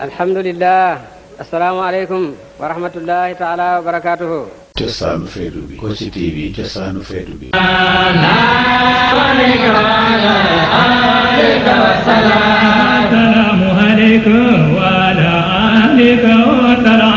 الحمد لله السلام عليكم ورحمة الله تعالى وبركاته جسان فيدوبي كوشي تي في جسان فيدوبي أنا عليك وعلى آلك وسلام السلام عليكم وعلى آلك وسلام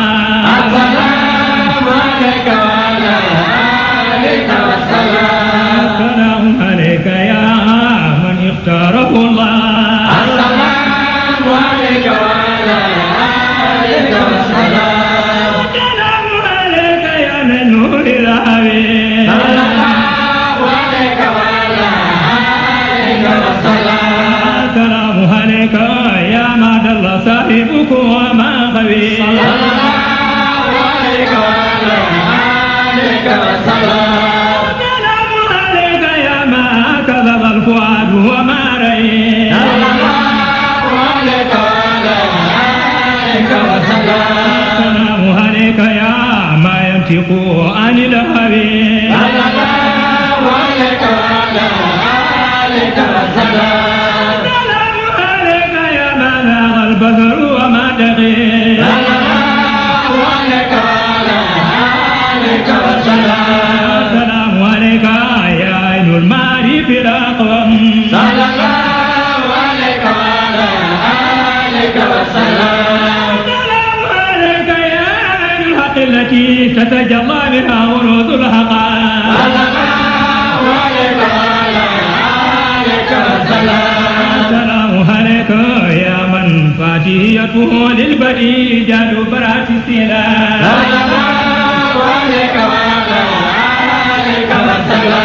हरे कया मायू التي تتجلى بها ورود الحقائق السلام عليك يا من فاتيته للبريء جاد برات السلام عليك وعلى آلك والسلام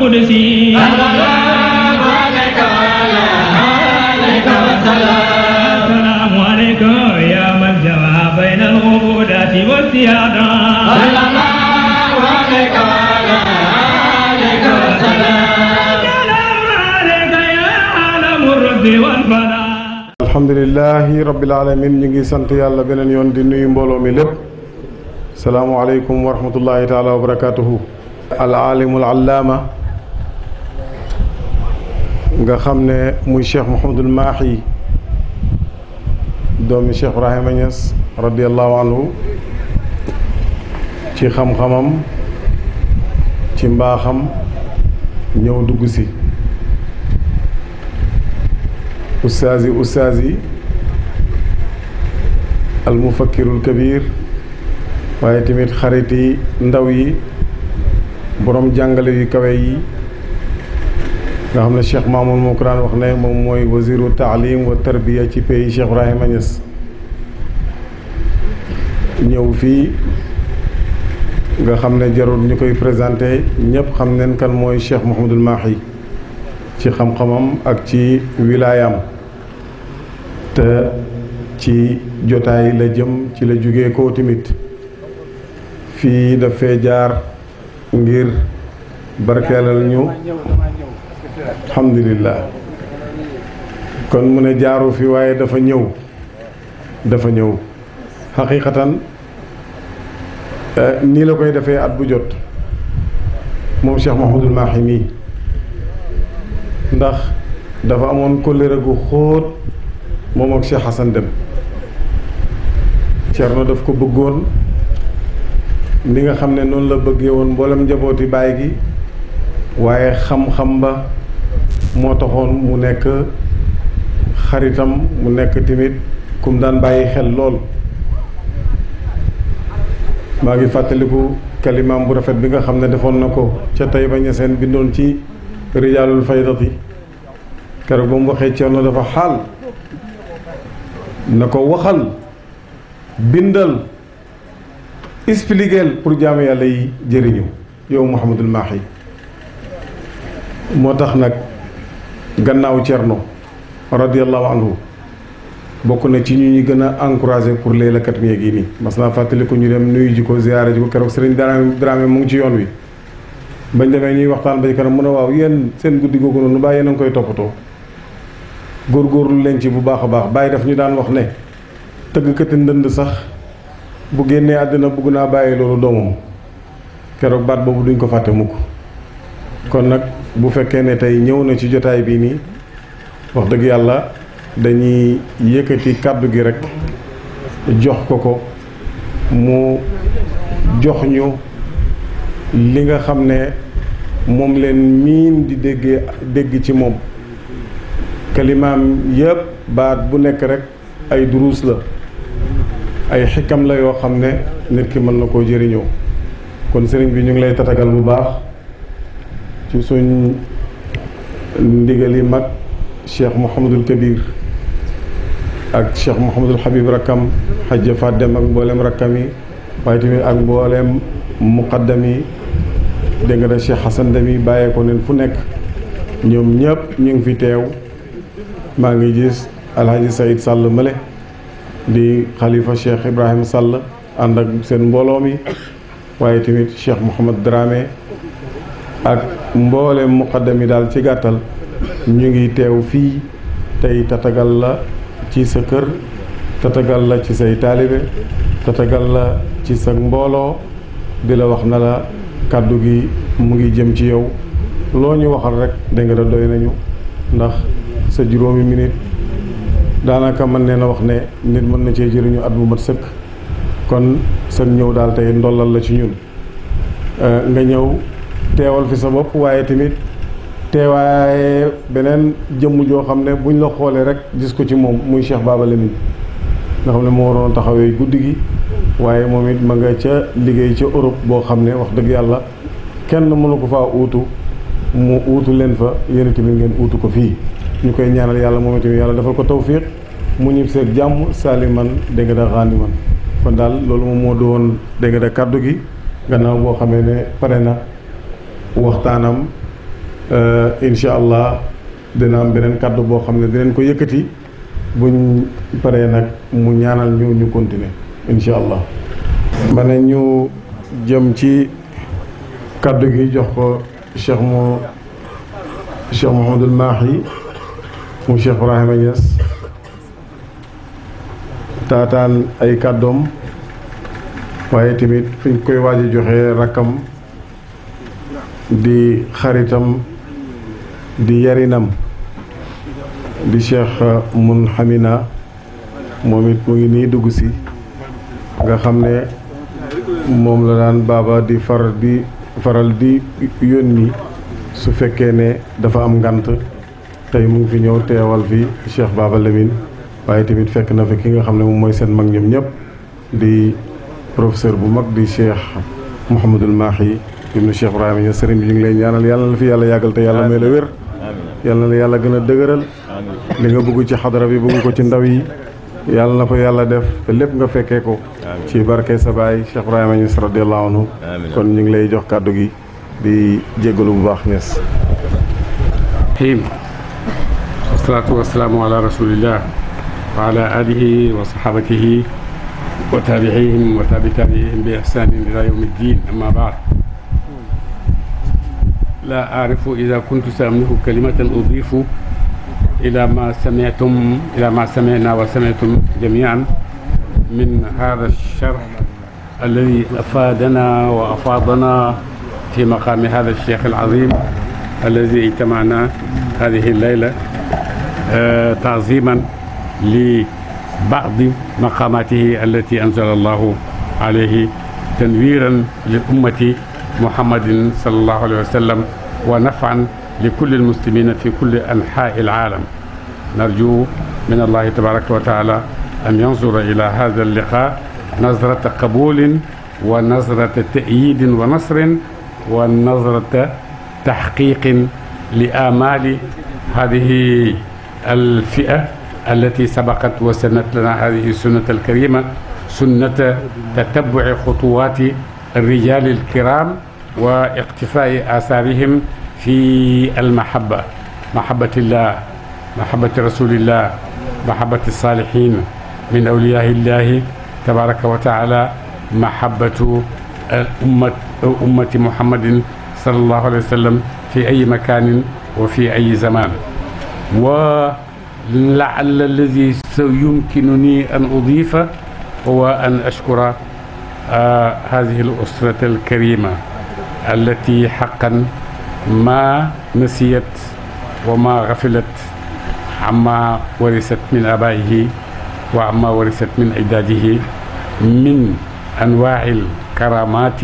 القدسي اللهم عليك وعلى عليك والسلام السلام عليك يا من جمع بين العبودات والسيادة اللهم عليك وعلى عليك والسلام السلام عليك يا عالم الرد والفلاح alhamdulilahi rabbil alamin ñu ngi sant yàlla beneen yoon di nuyu mbooloo mi lépp salaamualeykum wa rahmatullahi taala wa barakatuhu al alimul allaama nga xamne muy cheikh al Mahi doomi cheikh Ibrahima Niass radiallahu anhu ci xam-xamam ci mbaxam ñëw dugg ci ustazi ustazi al mufakkir al kabir waye timit xariti ndaw yi borom jàngale yi kawe yi nga xam ne Cheikh Mamoun moo ko daan wax ne moom mooy wasiru taalim wa tarbiya ci pays Cheikh Ibrahima nga xam jarul ñu koy ñëpp xam neen kan mooy Cheikh Mouhamadul Mahi ci xam-xamam ak ci wilaayam te ci jotaay la jëm ci la jóge ko tamit fii dafay jaar ngir barkeelal ñu alhamdulillah kon mu ne jaaru fi waaye dafa ñëw dafa ñëw xaqiqatan eh, nii la koy defee at bu jot moom Cheikh Mahmoudul Mahi ndax dafa amoon kóllëre gu xóot moom ak Cheikh hasan dem Thierno daf ko bëggoon ni nga xam ne noonu la bëggee woon mboolem njabooti gi waaye xam-xam ba moo taxoon mu nekk xaritam mu nekk tamit kum daan bàyyi xel lool maa ngi fàttaliku kalimaam bu rafet bi nga xam ne defoon na ko ca Taïba Niassène bindoon ci rijaalul faydati keroog ba mu waxee Ceerno dafa xaal na ko waxal bindal expliquer pour jaamu yàlla yi jëriñu yow Mouhamadul Mahi moo tax nag gannaaw Cerno radiallahu anhu bokk na ci ñu ñu gën a encouragé pour leelakat yeeg yi nii mas naa fàttaliku ñu dem nuyu ji ko ziyaare ji ko keroog sëriñ Dramé Dramé mu ngi ci yoon wi bañ demee ñuy waxtaan ba ci kanam mu ne waaw yéen seen guddi googu noonu baa yéen a koy toppatoo góorgóorlu leen ci bu baax a baax bàyyi daf ñu daan wax ne tëgg tëggkati ndënd sax bu génnee àddina bugg naa bàyyi loolu doomam keroog baat boobu duñ ko fàtte mukk kon nag bu fekkee ne tey ñëw na ci jotaay bii nii wax dëgg yàlla dañuy yëkkati kàddu gi rekk jox ko ko mu jox ñu li nga xam ne moom leen miin di déggee dégg ci moom kalimaam yëpp baat bu nekk rekk ay duruus la ay xikam la yoo xam ne nit ki mën na koo jëriñoo kon sëriñ bi ñu ngi lay tatagal bu baax ci suñ ndigali mag cheikh mouhamadul kabir ak cheikh mouhamadul habib rakam xajja fàddem ak mboolem rakkam yi waaye tamit ak mboolem muqaddam yi dégg nga cheikh hassan dami bàyyee ko nen fu nekk ñoom ñëpp ñu ngi fi teew maa ngi gis alhaji saïd sàll male di khalifa cheikh ibrahim sàll ànd ak seen mbooloo mi waaye tamit cheikh mohamed dramé ak mboolem muqaddam yi daal ci gàttal ñu ngi teew fii tey tatagal la ci sa kër tatagal la ci say taalibe tatagal la ci sa mbooloo di la wax na la kàddu gi mu ngi jëm ci yow loo ñu waxal rek da nga doy nañu ndax sa juróomi minute daanaka mën nee na wax ne nit mën na cee jëriñu at bu mat sëkk kon seen ñëw daal tey ndollal la ci ñun euh, nga ñëw teewal fi sa bop waye tamit teewaaye benen jëm jo xam ne buñ la xolé rek gis ko ci mom muy Cheikh Baba Lamine nga xam ne waron taxawé guddigi waye momit ma nga ca liggéey ca Europe bo xam ne wax deug yalla kenn mënu ko fa uutu mu uutu len fa yene tamit ngeen uutu ko fi ñu ñaanal yalla momit itamit yàlla ko tawfiq mu ñib seeg jamm saliman de nga da kon dal lolu mo nga da kaddu gi gannaaw bo ne waxtaanam euh, incha allah dina am beneen kàddu boo xam ne dinañ ko yëkkati buñ pare nag mu ñaanal ñu ñu continuer incha allah. ma ne ñu jëm ci kàddu gi jox ko cheikh mu cheikh Mouhamadul Mahi mu cheikh Ibrahima taataan ay kàddoom waaye tamit fiñ koy waaj a joxe rakkam. di xaritam di yarinam di cheikh mun hamina momit mo mu ngi ni dugg si nga xamne mom la dan baba di far di faral di yoni su fekke ne dafa am ngant tay mu fi ñew teewal fi cheikh baba Lamine waye tamit fekk na fi ki nga xamne mag ñom ñep di professeur bu mag di cheikh muhammadul Mahi ibnu Cheikh Ibrahima ña sëriñ bi ñu ngi lay ñaanal yàlla na fi yàlla yàggal te yàlla may la wér yàlla na yàlla gën a dëgëral li nga bëgg ci xadara bi bëgg ko ci ndaw yi yàlla na ko yàlla def te lépp nga fekkee ko ci barke sa baay Cheikh Ibrahima Niass radiyallahu anhu kon ñu ngi lay jox kàddu gi di jéggalu bu baax Niass xiim wasalaatu wasalaamu ala rasulillah wa ala alihi wa sahabatihi wa tabiihim wa tabi tabiihim bi ihsanin ila yawmi لا أعرف إذا كنت سأملك كلمة أضيف إلى ما سمعتم إلى ما سمعنا وسمعتم جميعا من هذا الشرح الذي أفادنا وأفاضنا في مقام هذا الشيخ العظيم الذي اجتمعنا هذه الليلة آه، تعظيما لبعض مقاماته التي أنزل الله عليه تنويرا للأمة محمد صلى الله عليه وسلم ونفعا لكل المسلمين في كل أنحاء العالم نرجو من الله تبارك وتعالى أن ينظر إلى هذا اللقاء نظرة قبول ونظرة تأييد ونصر ونظرة تحقيق لآمال هذه الفئة التي سبقت وسنت لنا هذه السنة الكريمة سنة تتبع خطوات الرجال الكرام واقتفاء آثارهم في المحبة محبة الله محبة رسول الله محبة الصالحين من أولياء الله تبارك وتعالى محبة أمة, أمة محمد صلى الله عليه وسلم في أي مكان وفي أي زمان ولعل الذي يمكنني أن أضيفه هو أن أشكر هذه الأسرة الكريمة التي حقا ما نسيت وما غفلت عما ورثت من آبائه وعما ورثت من أجداده من أنواع الكرامات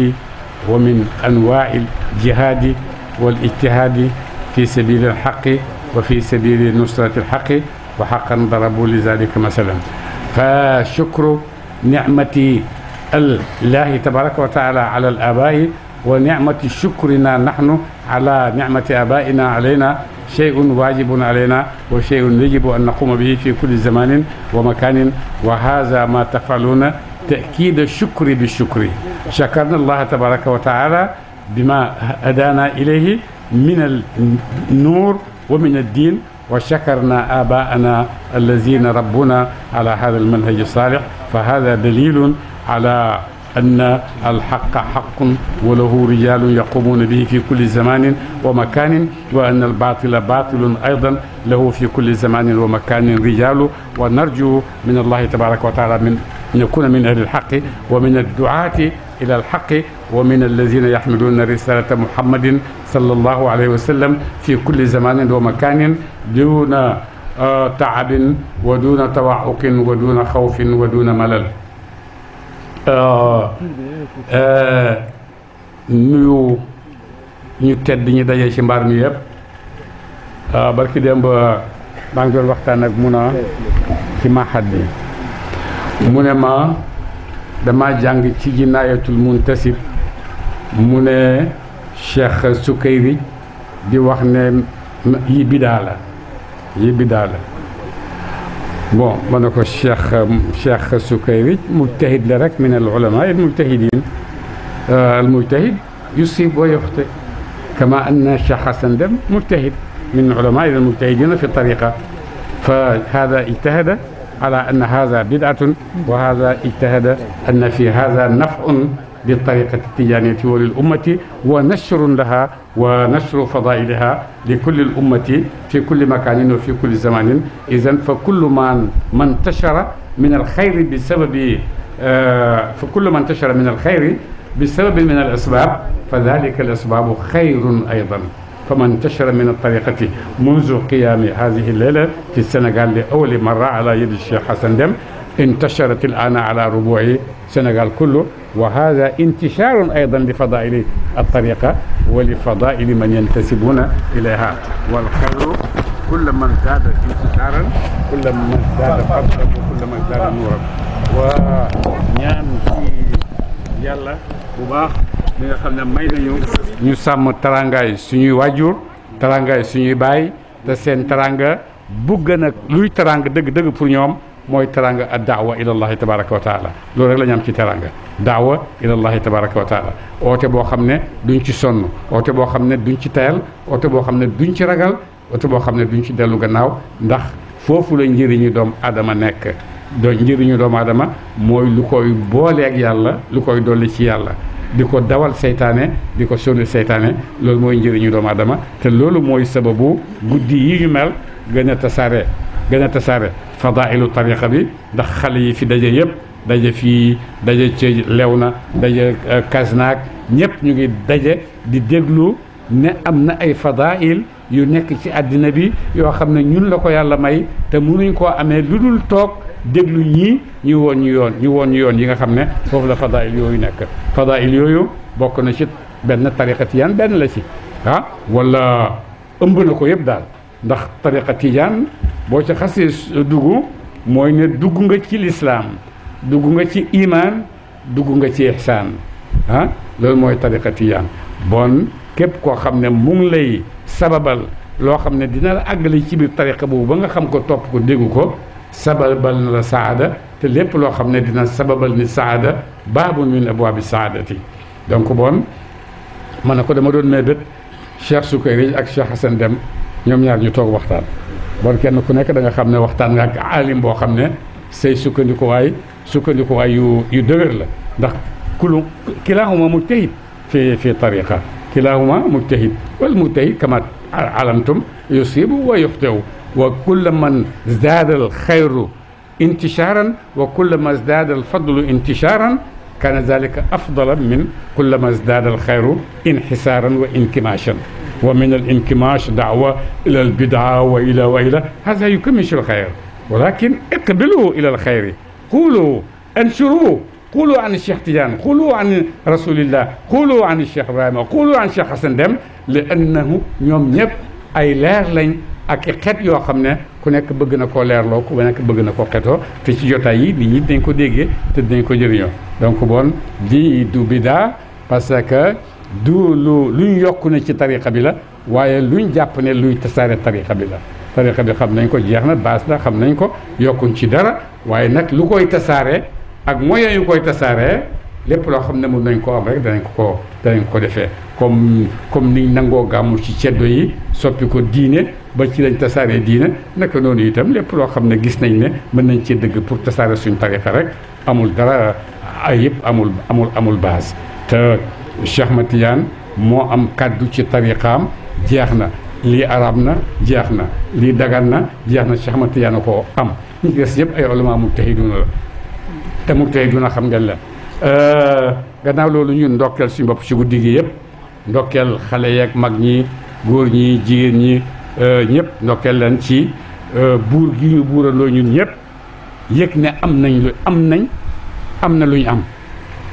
ومن أنواع الجهاد والاجتهاد في سبيل الحق وفي سبيل نصرة الحق وحقا ضربوا لذلك مثلا فشكر نعمة الله تبارك وتعالى على الآباء ونعمة شكرنا نحن على نعمة آبائنا علينا شيء واجب علينا وشيء يجب أن نقوم به في كل زمان ومكان وهذا ما تفعلون تأكيد الشكر بالشكر شكرنا الله تبارك وتعالى بما هدانا إليه من النور ومن الدين وشكرنا آباءنا الذين ربونا على هذا المنهج الصالح فهذا دليل على أن الحق حق وله رجال يقومون به في كل زمان ومكان وأن الباطل باطل أيضا له في كل زمان ومكان رجال ونرجو من الله تبارك وتعالى من أن يكون من أهل الحق ومن الدعاة إلى الحق ومن الذين يحملون رسالة محمد صلى الله عليه وسلم في كل زمان ومكان دون آه، تعب ودون توعق ودون خوف ودون ملل nuyu ñu tedd ñu daje ci mbaar mi yëpp barki démb maa ngi doon waxtaan ak mun a ci maxat bi mu ne ma dama jàng ci jinaayatul muntasib mu ne Cheikh Sukayri di wax ne yi bidaa la yi bidaa la بون ما الشيخ الشيخ السكيري مجتهد لرك من العلماء المجتهدين المجتهد يصيب ويخطئ كما أن الشيخ حسن دم مجتهد من علماء المجتهدين في الطريقة فهذا اجتهد على أن هذا بدعة وهذا اجتهد أن في هذا نفع للطريقة التجانية وللأمة ونشر لها ونشر فضائلها لكل الأمة في كل مكان وفي كل زمان إذا فكل من ما انتشر من الخير بسبب آه، فكل ما انتشر من الخير بسبب من الأسباب فذلك الأسباب خير أيضا فما انتشر من الطريقة منذ قيام هذه الليلة في السنغال لأول مرة على يد الشيخ حسن دم انتشرت الآن على ربوع سنغال كله وهذا انتشار أيضا لفضائل الطريقة ولفضائل من ينتسبون إليها والخير كل من زاد انتشارا كل من زاد فضلا وكل من زاد نورا ونعم في يلا وباخ li nga xam ne may nañu ñu sàmm tarangaay suñuy waajur tarangaay suñuy baay te seen taranga bu gën luy tarang dëgg-dëgg pour ñoom mooy teranga a daawa ilallahi tabaraka wa taala loolu rek la am ci teranga daawa ilallahi tabaraka wa taala oote boo xam ne duñ ci sonn oote boo xam ne duñ ci tayal oote boo xam ne duñ ci ragal oote boo xam ne duñ ci dellu gannaaw ndax foofu la njëriñu doomu aadama nekk do njëriñu doomu aadama mooy lu koy booleeg yàlla lu koy dolli ci yàlla di ko dawal seytaane di ko sonni seytaane loolu mooy njëriñu doomu adama te loolu mooy sababu guddi yi ñu gëna tassare fadailu tariqa bi ndax xale yi fi daje yëpp daje fii daje ci lewna na daje kasnaak ñëpp ñu ngi daje di déglu ne am na ay fadail yu nekk ci àddina bi yoo xam ne ñun la ko yàlla may te mënuñ koo amee lu dul toog déglu ñii ñu woon ñu yoon ñu woon ñu yoon yi nga xam ne foofu la fadail yooyu nekk fadail yooyu bokk na ci benn tariqa tijaan benn la ci ah wala ëmb na ko yëpp daal ndax tariqa tijaan boo ca xasee dugg mooy ne dugg nga ci lislaam dugg nga ci imaan dugg nga ci ihsaan loolu mooy tariqa tijaan bon képp koo xam ne mu lay sababal loo xam ne dina la àggale ci biir tariqa boobu ba nga xam ko topp ko dégg ko sababal na la saada te lépp loo xam ne dina sababal ni saada baabu min abwaabi saadati donc bon ma ne ko dama doon mébét Cheikh Sukayrij ak Cheikh Hassan dem ñoom ñaar ñu toog waxtaan bon kenn ku nekk da nga xam ne waxtaan nga ak alim boo xam ne say sukkandikuwaay sukkandikuwaay yu yu dëgër la ndax kulu kilaahuma mujtahid fi fi tariqa kilaahuma mujtahid wal mujtahid kama alamtum yusibu wa yuxtiw wa kulla man zaada al xayru انتشارا وكلما ازداد الفضل انتشارا كان ذلك أفضل من كلما ازداد الخير انحسارا وانكماشا ومن الانكماش دعوة إلى البدعة وإلى وإلى هذا يكمش الخير ولكن اقبلوا إلى الخير قولوا انشروه قولوا عن الشيخ تيان قولوا عن رسول الله قولوا عن الشيخ إبراهيم قولوا عن الشيخ حسن دم لأنه يوم يب أي لير لين أكيد xet خمنا xam ne ku nekk bëgg na koo leerloo ku nekk bëgg na koo xetoo دي ci jotaay yi nit ñi dañ ko déggee te du lu luñ yokk ne ci tariqa bi la waaye luñ jàpp ne luy tasaare tariqa bi la tariqa bi xam nañ ko jeex na baas na xam nañ ko yokkuñ ci dara waaye nag lu koy tasaare ak moyen yu koy tasaare lépp loo xam ne mun nañ ko am rek danañ ko danañ ko defee comme comme ni nangoo gàmmu ci ceddo yi soppi ko diine ba ci lañ tasaaree diine naka noonu itam lépp loo xam ne gis nañ ne mën nañ ci dëgg pour tasaare suñ tariqa rek amul dara ay yëpp amul amul amul baas Cheikh Ahmad Tidiane moo am kàddu ci tariqaam jeex na lii arab na jeex na lii dagan na jeex na Cheikh Ahmad Tidiane koo am ñu des yëpp ay ulama mujtahiduna la te mu mujtahiduna xam ngeen la euh, gannaaw loolu ñun ndokkeel suñu bopp si guddi gi yëpp ndokkeel xale yeeg mag ñi góor ñi jigéen ñi euh, ñëpp ndokkeel leen ci euh, buur gi ñu buuraloo ñun ñëpp yëg ne am nañ lu am nañ am na lu ñu am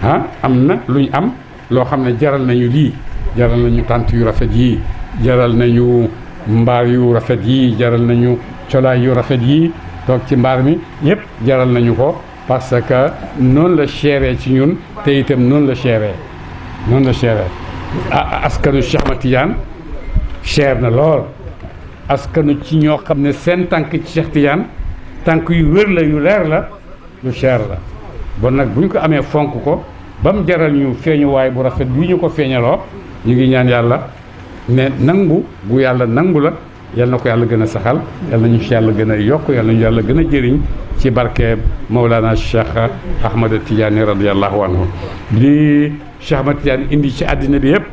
ah am na lu ñu am loo xam ne jaral nañu lii jaral nañu tant yu rafet yii jaral nañu mbaar yu rafet yii jaral nañu colaay yu rafet yii toog ci mbaar mi yëpp jaral nañu ko parce que noonu la chéré ci ñun te itam noonu la chéré noonu la chéré askanu Cheikh Ahmad cher na lool askanu ci ñoo xam ne tànk ci Cheikh Tidiane tànk yu wér la yu leer la yu cher la bon nag bu ko amee fonk ko ba mu jaral ñu feeñuwaay bu rafet bu ñu ko feeñaloo ñu ngi ñaan yàlla ne nangu bu yàlla nangu la yal na ko yàlla gën a saxal yal na ñu si yàlla gën a yokk yal na ñu yàlla gën a jëriñ ci barke Mawlana Cheikh Ahmada Tidiane radiyallahu anhu li Cheikh Ahmad indi ci àddina bi yëpp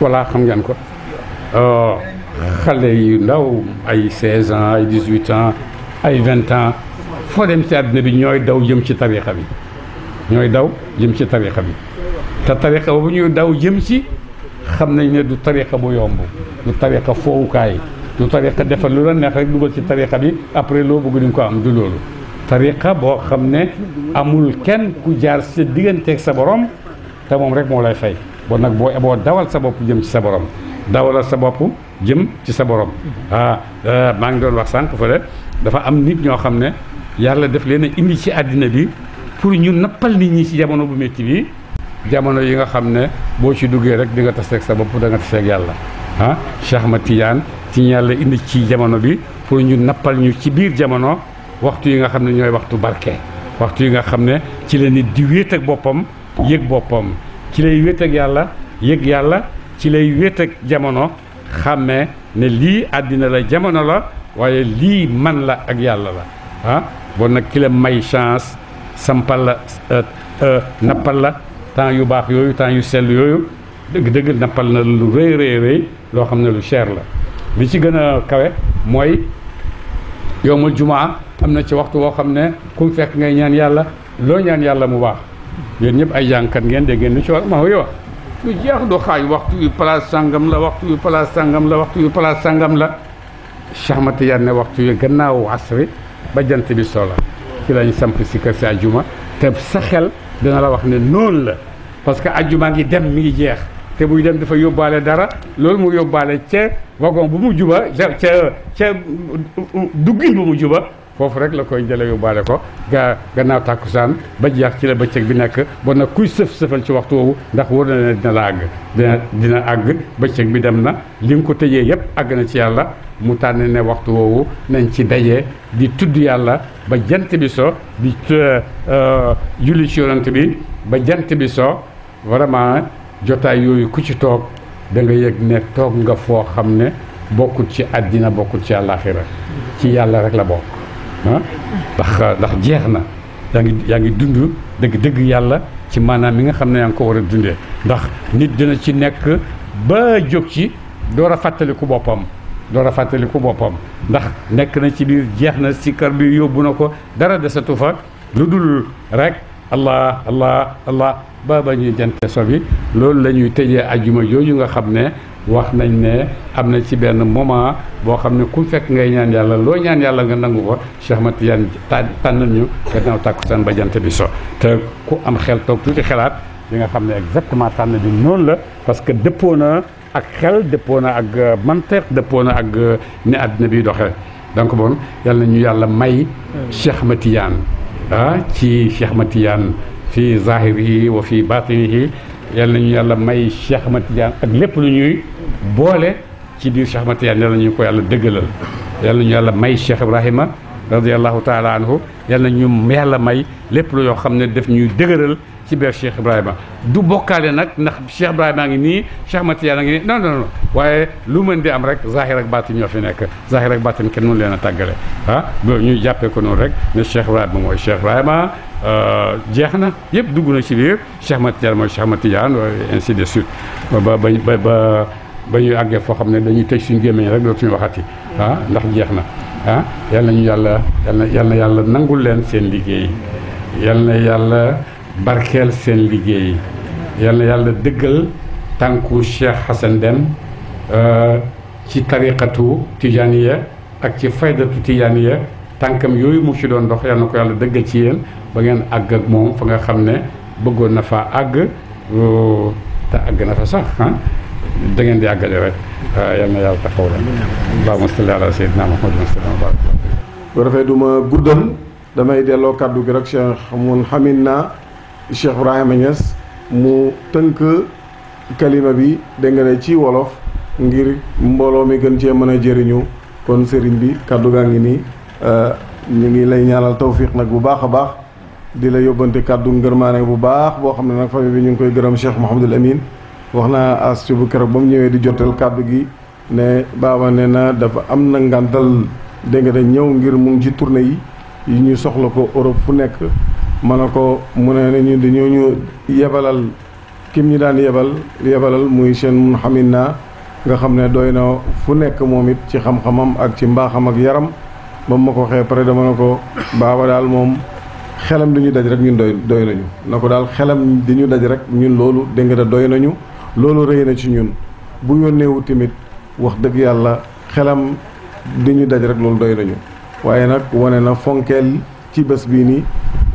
voilà xam ngeen ko oh, xale yu ndaw ay 16 ans ay 18 ans ay 20 ans foo dem ci àddina bi ñooy daw jëm ci tarixa bi ñooy daw jëm ci tariqa bi te tariqa bu ñuy daw jëm ci xam nañ ne du tariqa bu yomb du tariqa foowukaay du tariqa defal lu la neex rek dugal ci tariqa bi après loo bëgg di ko am du loolu tariqa boo xam ne amul kenn ku jaar sa digganteeg sa borom te moom rek moo lay fay bon nag boo boo dawal sa bopp jëm ci sa borom dawalal sa bopp jëm ci sa borom ah, ah maa ngi doon wax sànq fële dafa am nit ñoo xam ne yàlla def leen a indi ci àddina bi pour ñu nappal nit ñi ci jamono bu métti bi jamono yi nga xam ne boo ci duggee rek di nga taseeg sa bopp da nga taseeg yàlla ah Cheikh Ahmad ci yàlla indi ci jamono bi pour ñu nappal ñu ci biir jamono waxtu yi nga xam ne ñooy waxtu barke waxtu yi nga xam ne ci la nit di wéet ak boppam yëg boppam ci lay wéet ak yàlla yëg yàlla ci lay wéet ak jamono xàmmee ne lii àddina la jamono la waaye lii man la ak yàlla la ah bon nag ki la may chance sampal la euh, euh, nappal la temps yu baax yooyu temps yu sell yooyu dëgg-dëgg nappal na lu rëy rëy rëy loo xam ne lu cher la li ci gën a kawe mooy yowmul jumaa am na ci waxtu woo xam ne ku fekk ngay ñaan yàlla loo ñaan yàlla mu baax yéen ñëpp ay jàngkat ngeen dégg ngeen lu ci war ma wax lu jeex du xaaj waxtu yu place sàngam la waxtu yu place sàngam la waxtu yu place sàngam la Cheikh Ahmad Tidiane ne waxtu yu gannaaw asri ba jant bi sola ci lañ samp si kër si ajjuma te sa xel dina la wax ne noonu la parce que ajjuma ngi dem mi ngi jeex te buy dem dafa yóbbaale dara loolu mu yóbbaale ca wagon bu mu juba ca ca ca duggin bu mu juba foofu rek la koy jële yóbbaale ko ga gannaaw tàkkusaan ba jeex ci la bëccëg bi nekk bon nag kuy sëf-sëfal ci waxtu woowu ndax wóor na dina la àgg dina àgg bëccëg bi dem na li nga ko tëjee yépp àgg na ci yàlla mu tànn ne waxtu woowu nañ ci daje di tudd yàlla ba jant bi so bi euh, euh, julli ci yonent bi ba jant bi soo vraiment jotaay yooyu ku ci toog da nga yëg ne toog nga foo xam ne bokkut ci dina bokkut ci àllaaxira ci yàlla rek la bokk ah ndax ndax jeex na yaa ngi yaa ngi dund dëgg dégg yàlla ci maanaam mi nga xam ne yaa ngi ko war a dundee ndax nit dina ci nekk ba jóg ci door a fàttali ku boppam door a fàttali ku boppam ndax nekk na ci biir jeex na si kër bi yóbbu na ko dara desatu fa lu dul rek allah allah allah ba ba ñuy jante so bi loolu la ñuy tëjee ajjuma yooyu nga xam ne wax nañ ne am na ci benn moment boo xam ne ku fekk ngay ñaan yàlla loo ñaan yàlla nga nangu ko Cheikh Ahmad Tidiane tànnal ñu tàkku tàkkusaan ba jant bi so te ku am xel toog tuuti xelaat di nga xam ne exactement tànn bi noonu la parce que dëppoo na ak xel dëppoo na ak euh, manteex dëppoo na ak euh, ni àddina bi doxee donc bon yàlla na ñu yàlla may Cheikh Ahmad ah ci Cheikh Ahmad Tidiane fi zahirihi wa fi yal nañu yàlla may Cheikh Ahmad Tidiane ak lépp lu ñuy boole ci biir Cheikh Ahmad Tidiane yal nañu ko yàlla dëggalal yal yàlla may Cheikh Ibrahima radiallahu taala anhu yal nañu yàlla may lépp lu yoo xam ne daf ñuy dëgëral ci biir Cheikh Ibrahima du bokkaale nag ndax Cheikh Ibrahima a ngi nii Cheikh Matiyaan a ngi nii non non non waaye lu mën di am rek zahir ak baatin ñoo fi nekk zahir ak baatin kenn mënu leen a tàggale ah boobu ñuy jàppee ko noonu rek ne Cheikh Ibrahima mooy Cheikh Ibrahima euh, jeex na yëpp dugg na ci biir Cheikh Matiyaan mooy Cheikh Matiyaan si de suite ba ba ba ba ñu àggee foo xam ne dañuy tey suñu gémmiñ rek dootuñu waxati ah ndax jeex na ah yal yàlla yal yàlla nangul leen seen liggéey barkel sen liggey yalla yalla deugal tanku Cheikh Hassan dem euh ci tariqatu tijaniya ak ci faydatu tijaniya tankam yoyu mu ci don dox yalla ko yalla deugal ci yeen ba ngeen ag ak mom fa nga xamne beggon na fa ag ta ag na fa sax han ah. da ngeen di agale rek yalla yalla taxaw la ba musalla ala sayyidina muhammad sallallahu alayhi wa sallam bu rafet duma guddal damay delo kaddu gi rek Cheikh mun xamin Cheikh Ibrahima Niass mu tënk kalima bi dégg nga ne ci wolof ngir mbooloo mi gën cee mën a jëriñu kon sëriñ bi kaddu gaa ngi nii euh, ñu ngi lay ñaanal tawfiq nag bu baax a baax di la yóbbante kaddu ngërmaane bu baax boo xam ne nag famille bi ñu ngi koy gërëm Cheikh Mouhamadul Amin wax naa as ci bu keroog ba mu ñëwee di jotal kaddu gi ne baaba ne na dafa am na ngàntal dégg nga ne ñëw ngir mu ngi ci yi yi ñu soxla ko Europe fu nekk ma na ko mu ne ne di dañoo ñu yebalal kim ñu daan yebal yebalal muy seen mun xamit naa nga xam ne doy na fu nekk moom it ci xam-xamam ak ci mbaaxam ak yaram ba ma ko waxee pare dama na ko baaba daal moom xelam di ñu daj rek ñun doy doy nañu na ko daal xelam di ñu daj rek ñun loolu dégg doy nañu loolu rëy na ci ñun bu yónneewu tamit wax dëgg yàlla xelam di ñu daj rek loolu doy nañu waaye nag wane na fonkeel ci bés bii nii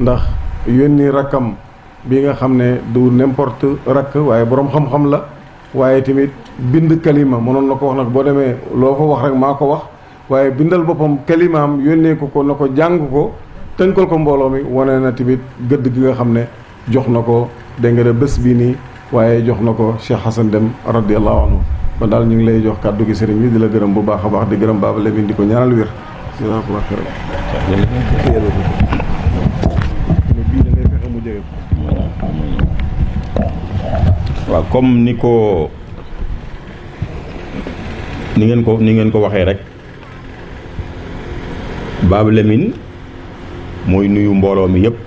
ndax yónni rakkam bi nga xam ne du n'importe rakk waaye boroom xam-xam la waaye tamit bind kalima mënoon na ko wax nag boo demee loo ko wax rek maa ko wax waaye bindal boppam kalimaam yónnee ko ko na ko jàng ko tënkal ko mbooloo mi wane na tamit gëdd gi nga xam ne jox na ko dégg nga bés bii nii waaye jox na ko Cheikh Hassan Deme radiallahu anhu kon daal ñu ngi lay jox kàddu gi sëriñ bi di la gërëm bu baax a baax di gërëm Baba Lamine di ko ñaanal wér. waaw comme ni ko ni ngeen ko ni ngeen ko waxee rek Baba Lamine mooy nuyu mbooloo mi yëpp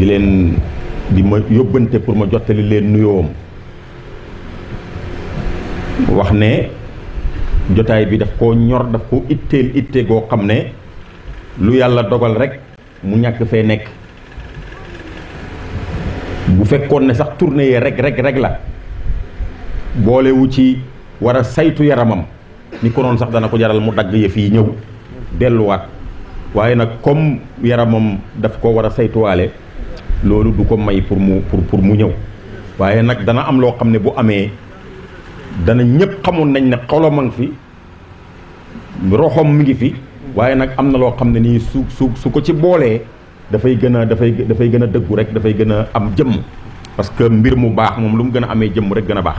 di leen di ma yóbbante pour ma jottali leen nuyoom wax ne jotaay bi daf koo ñor daf koo itteel itte goo xam ne lu yàlla dogal rek mu ñàkk fee nekk fekkoon ne sax tournée yi rek rek rek la boolewu ci war a saytu yaramam ni ko noonu sax dana ko jaral mu dagg yëf yi ñëw delluwaat waaye nag comme yaramam daf ko war a saytuwaale loolu du ko may pour mu pour pour mu ñëw waaye nag dana am loo xam ne bu amee dana ñëpp xamoon nañ ne xolam a ngi fi roxom mi ngi fi waaye nag am na loo xam ne nii su su su ko ci boolee dafay gën a dafay dafay gën a dëggu rek dafay gën a am jëmm parce que mbir mu baax moom lu mu gën a amee jëmm rek gën a baax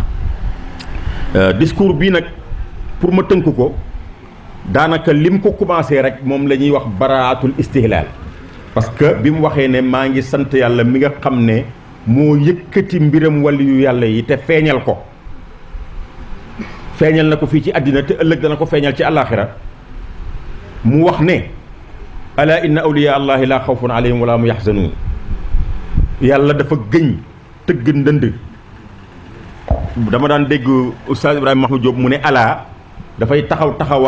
euh, discours bii nag pour ma tënk ko daanaka lim ko commencé rek moom la ñuy wax baraatul istihlaal parce que bi mu waxee ne maa ngi sant yàlla mi nga xam ne moo yëkkati mbiram wàllu yàlla yi te feeñal ko feeñal na ko fii ci àddina te ëllëg dana ko feeñal ci àllaaxira mu wax ne ala inna awliya allahi la khawfun alayhim wala mu yahzanun yalla dafa geñ teug ndënd dama daan dégg oustad ibrahim Mahmoud job mune ala ala dafay taxaw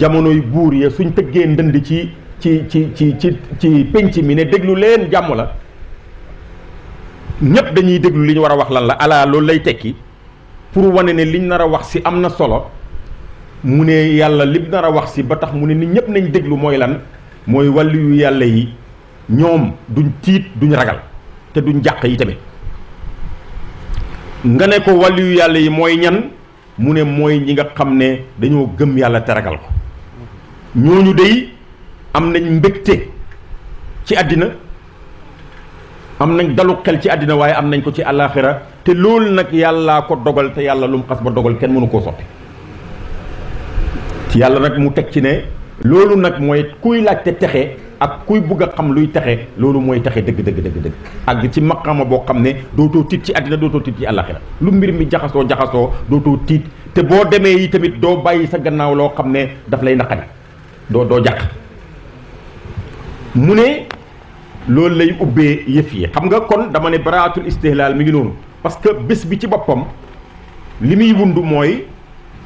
jamono yu bur ya suñ tëggee ndënd ci ci ci ci ci penc mi ne déglu leen jamm la ñepp dañuy déglu liñ wara wax lan la ala loolu lay tekki pour wone ne liñ nara wax ci amna solo mune yalla lib lim wax ci ba tax mune ni nañ deglu moy lan mooy wàllu yàlla yi ñoom duñ tiit duñ ragal te duñ jàq yi tamit nga ne ko wàllu yàlla yi mooy ñan mu ne mooy ñi nga xam ne dañoo gëm yàlla te ragal ko ñooñu dey am nañ mbëgte ci àddina am nañ dalu xel ci àddina waaye am nañ ko ci àllaaxira te loolu nag yàllaa ko dogal te yàlla lum mu xas ba dogal kenn mënu koo sotti yàlla nag mu teg ci ne loolu nag mooy kuy laajte texe ak kuy bugg xam luy texe loolu mooy texe dëgg dëgg dëgg dëgg ak ci maqama boo xam ne dootoo tiit ci àddina dootoo tiit ci àllaxira lu mbir mi jaxasoo jaxasoo dootoo tiit te boo demee yi tamit doo bàyyi sa gannaaw loo xam ne daf lay naqari doo doo jàq mu ne loolu lay ubbee yëf yi xam nga kon dama ne baraatul istihlaal mi ngi noonu parce que bés bi ci boppam li muy wund mooy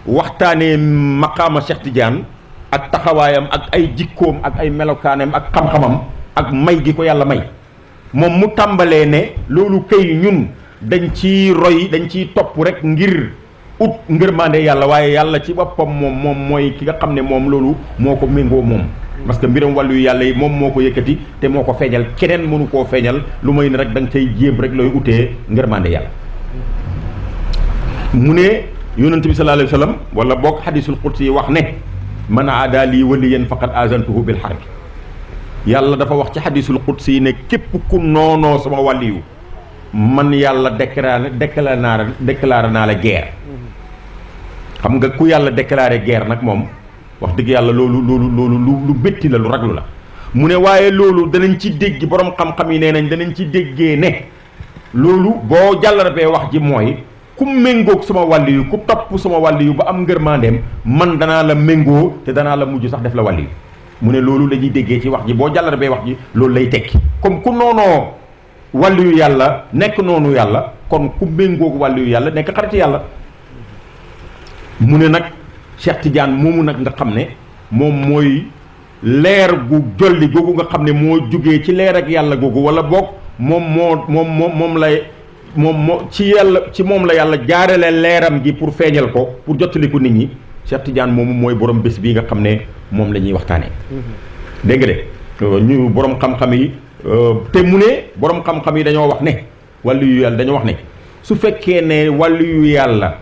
waxtaanee maqaama Cheikh Tidiane ak taxawaayam ak ay jikkoom ak ay melokaaneem ak xam-xamam ak may gi ko yàlla may moom mu tàmbalee ne loolu kay ñun dañ ci roy dañ ciy topp rek ngir ut ngërmaande yàlla waaye yàlla ci boppam moom moom mooy ki nga xam ne moom loolu moo ko méngoo moom parce que mbiram wàllu yàlla yi moom moo ko yëkkati te moo ko feeñal keneen mënu koo feeñal lu may ne rek da nga cay jéem rek looy utee ngërmaande yàlla mu ne yonent bi sallallahu alayhi wa sallam wala boog xadisul qudsi wax ne man aadaa lii waliyan faqad aazantuhu bil bi yàlla dafa wax ci xadisul qudsi yi ne képp ku noonoo sama wàlliyu man yàlla déclaré déclaré naa la déclaré naa la guerre xam nga ku yàlla déclaré guerre nag moom wax dëgg yàlla loolu loolu loolu lu lu la lu raglu la mu ne waaye loolu danañ ci dégg boroom xam-xam yi nee nañ danañ ci déggee ne loolu boo jàllarabee wax ji mooy ku mengook sama wali yu ku top sama wali yu ba am dem man dana la mengo te dana la muju sax def la wali yu mu ne loolu la ñuy ci wax ji bo jallar bee wax ji lolou lay tek comme ku nono wali yu yalla nek nonu yalla kon ku méngoog wali yu yàlla nekk xarit yalla mu ne nag Cheikh Tidiane momu nak nga xamne ne moy mooy leer gu jolli gogu nga xamne ne moo ci leer ak yalla gogu wala bok mom mom mom lay moom moo ci yàlla ci moom la yàlla jaarale leeram gi pour feeñal ko pour jottaliku nit ñi Cheikh Tidiane moomu mooy borom bés bi nga xam ne moom lañuy ñuy waxtaanee. Mm-hmm. dégg euh, ñu borom xam-xam yi euh, te mu ne boroom xam-xam yi dañoo wax ne wàllu yu yàlla dañoo wax ne su fekkee ne wàllu yu yàlla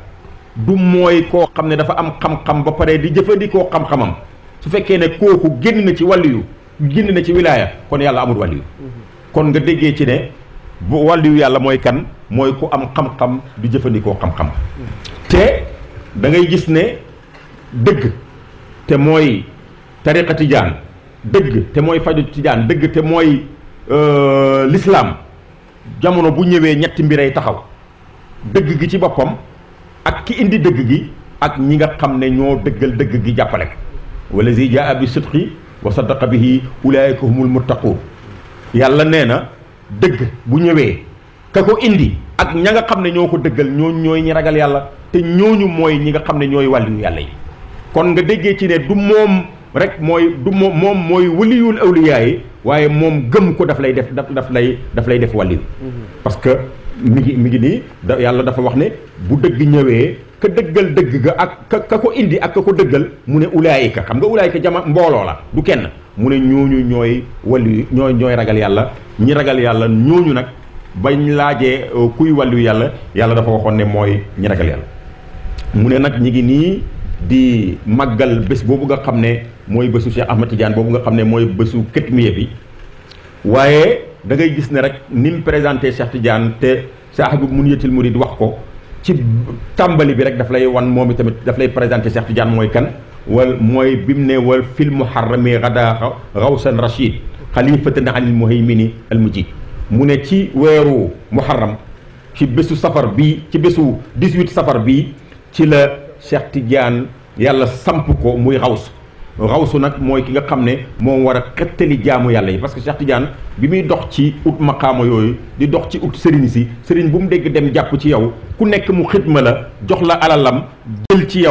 du mooy koo xam ne dafa am xam-xam ba pare di jëfandikoo xam-xamam su fekkee ne kooku génn na ci wàllu yu génn na ci wilaaya kon yàlla amul wàllu yu mm-hmm. kon nga déggee bu yàlla mooy kan mooy ku am xam-xam di jëfandikoo xam-xam te da gis ne dëgg te mooy tariqa dëgg te mooy faju tijaan dëgg te mooy euh, lislaam jamono bu ñëwee ñetti mbir mbiray taxaw dëgg gi ci boppam ak ki indi dëgg gi ak ñi nga xam ne ñoo dëggal dëgg gi jàppale ko wala zi jaa bi sidqi wa saddaqa bihi ulaayika humul muttaquun yàlla nee na dëgg bu ñëwee ka ko indi ak ña nga xam ne ñoo ko dëggal ñooñu ñooy ñi ragal yàlla te ñooñu mooy ñi nga xam ne ñooy wàlliyu yàlla yi kon nga déggee ci ne du moom rek mooy du moom moom mooy waliyul awliyaa yi waaye moom gëm ko daf lay def daf daf lay daf lay def wàlliyu mm-hmm. parce que mi ngi mi ngi nii da yàlla dafa wax ne bu dëgg ñëwee ka dëggal dëgg ga ak ka ka ko indi ak ka ko dëggal mu ne ulaayika xam nga ulaayika jama mbooloo la du kenn mu ne ñooñu ñooy wàllu ñoo ñooy ragal yàlla ñi ragal yàlla ñooñu nag bañ laajee euh, kuy wàllu yàlla yàlla dafa waxoon ne mooy ñi ragal yàlla mu ne nag ñi ngi nii di màggal bés boobu nga xam ne mooy bésu Cheikh Ahmed Tidiane boobu nga xam ne mooy bésu këtmiye bi waaye dangay gis ne rek ni mu présenté Cheikh Tidiane te saahibu munyatil di wax ko ci tàmbali bi rek daf lay wan moom i tamit daf lay présenté Cheikh Tidiane mooy kan والموي بمني والفي المحرمي غدا غوصا رشيد خليفة علي المهيميني المجيد موني ويرو محرم تي بسو سفر بي تي بسو 18 سفر بي تي لا شيخ تيجان يالا سامبوكو موي غوص غوصو نك موي كيغا خامني مو ورا كتلي جامو يالا باسكو شيخ تيجان بيمي اوت مقامو يوي دي دوخ اوت سيرين سي سيرين بوم ديغ ديم جابو تي ياو كو نيك مو خدمه لا جوخ لا الالام جيل تي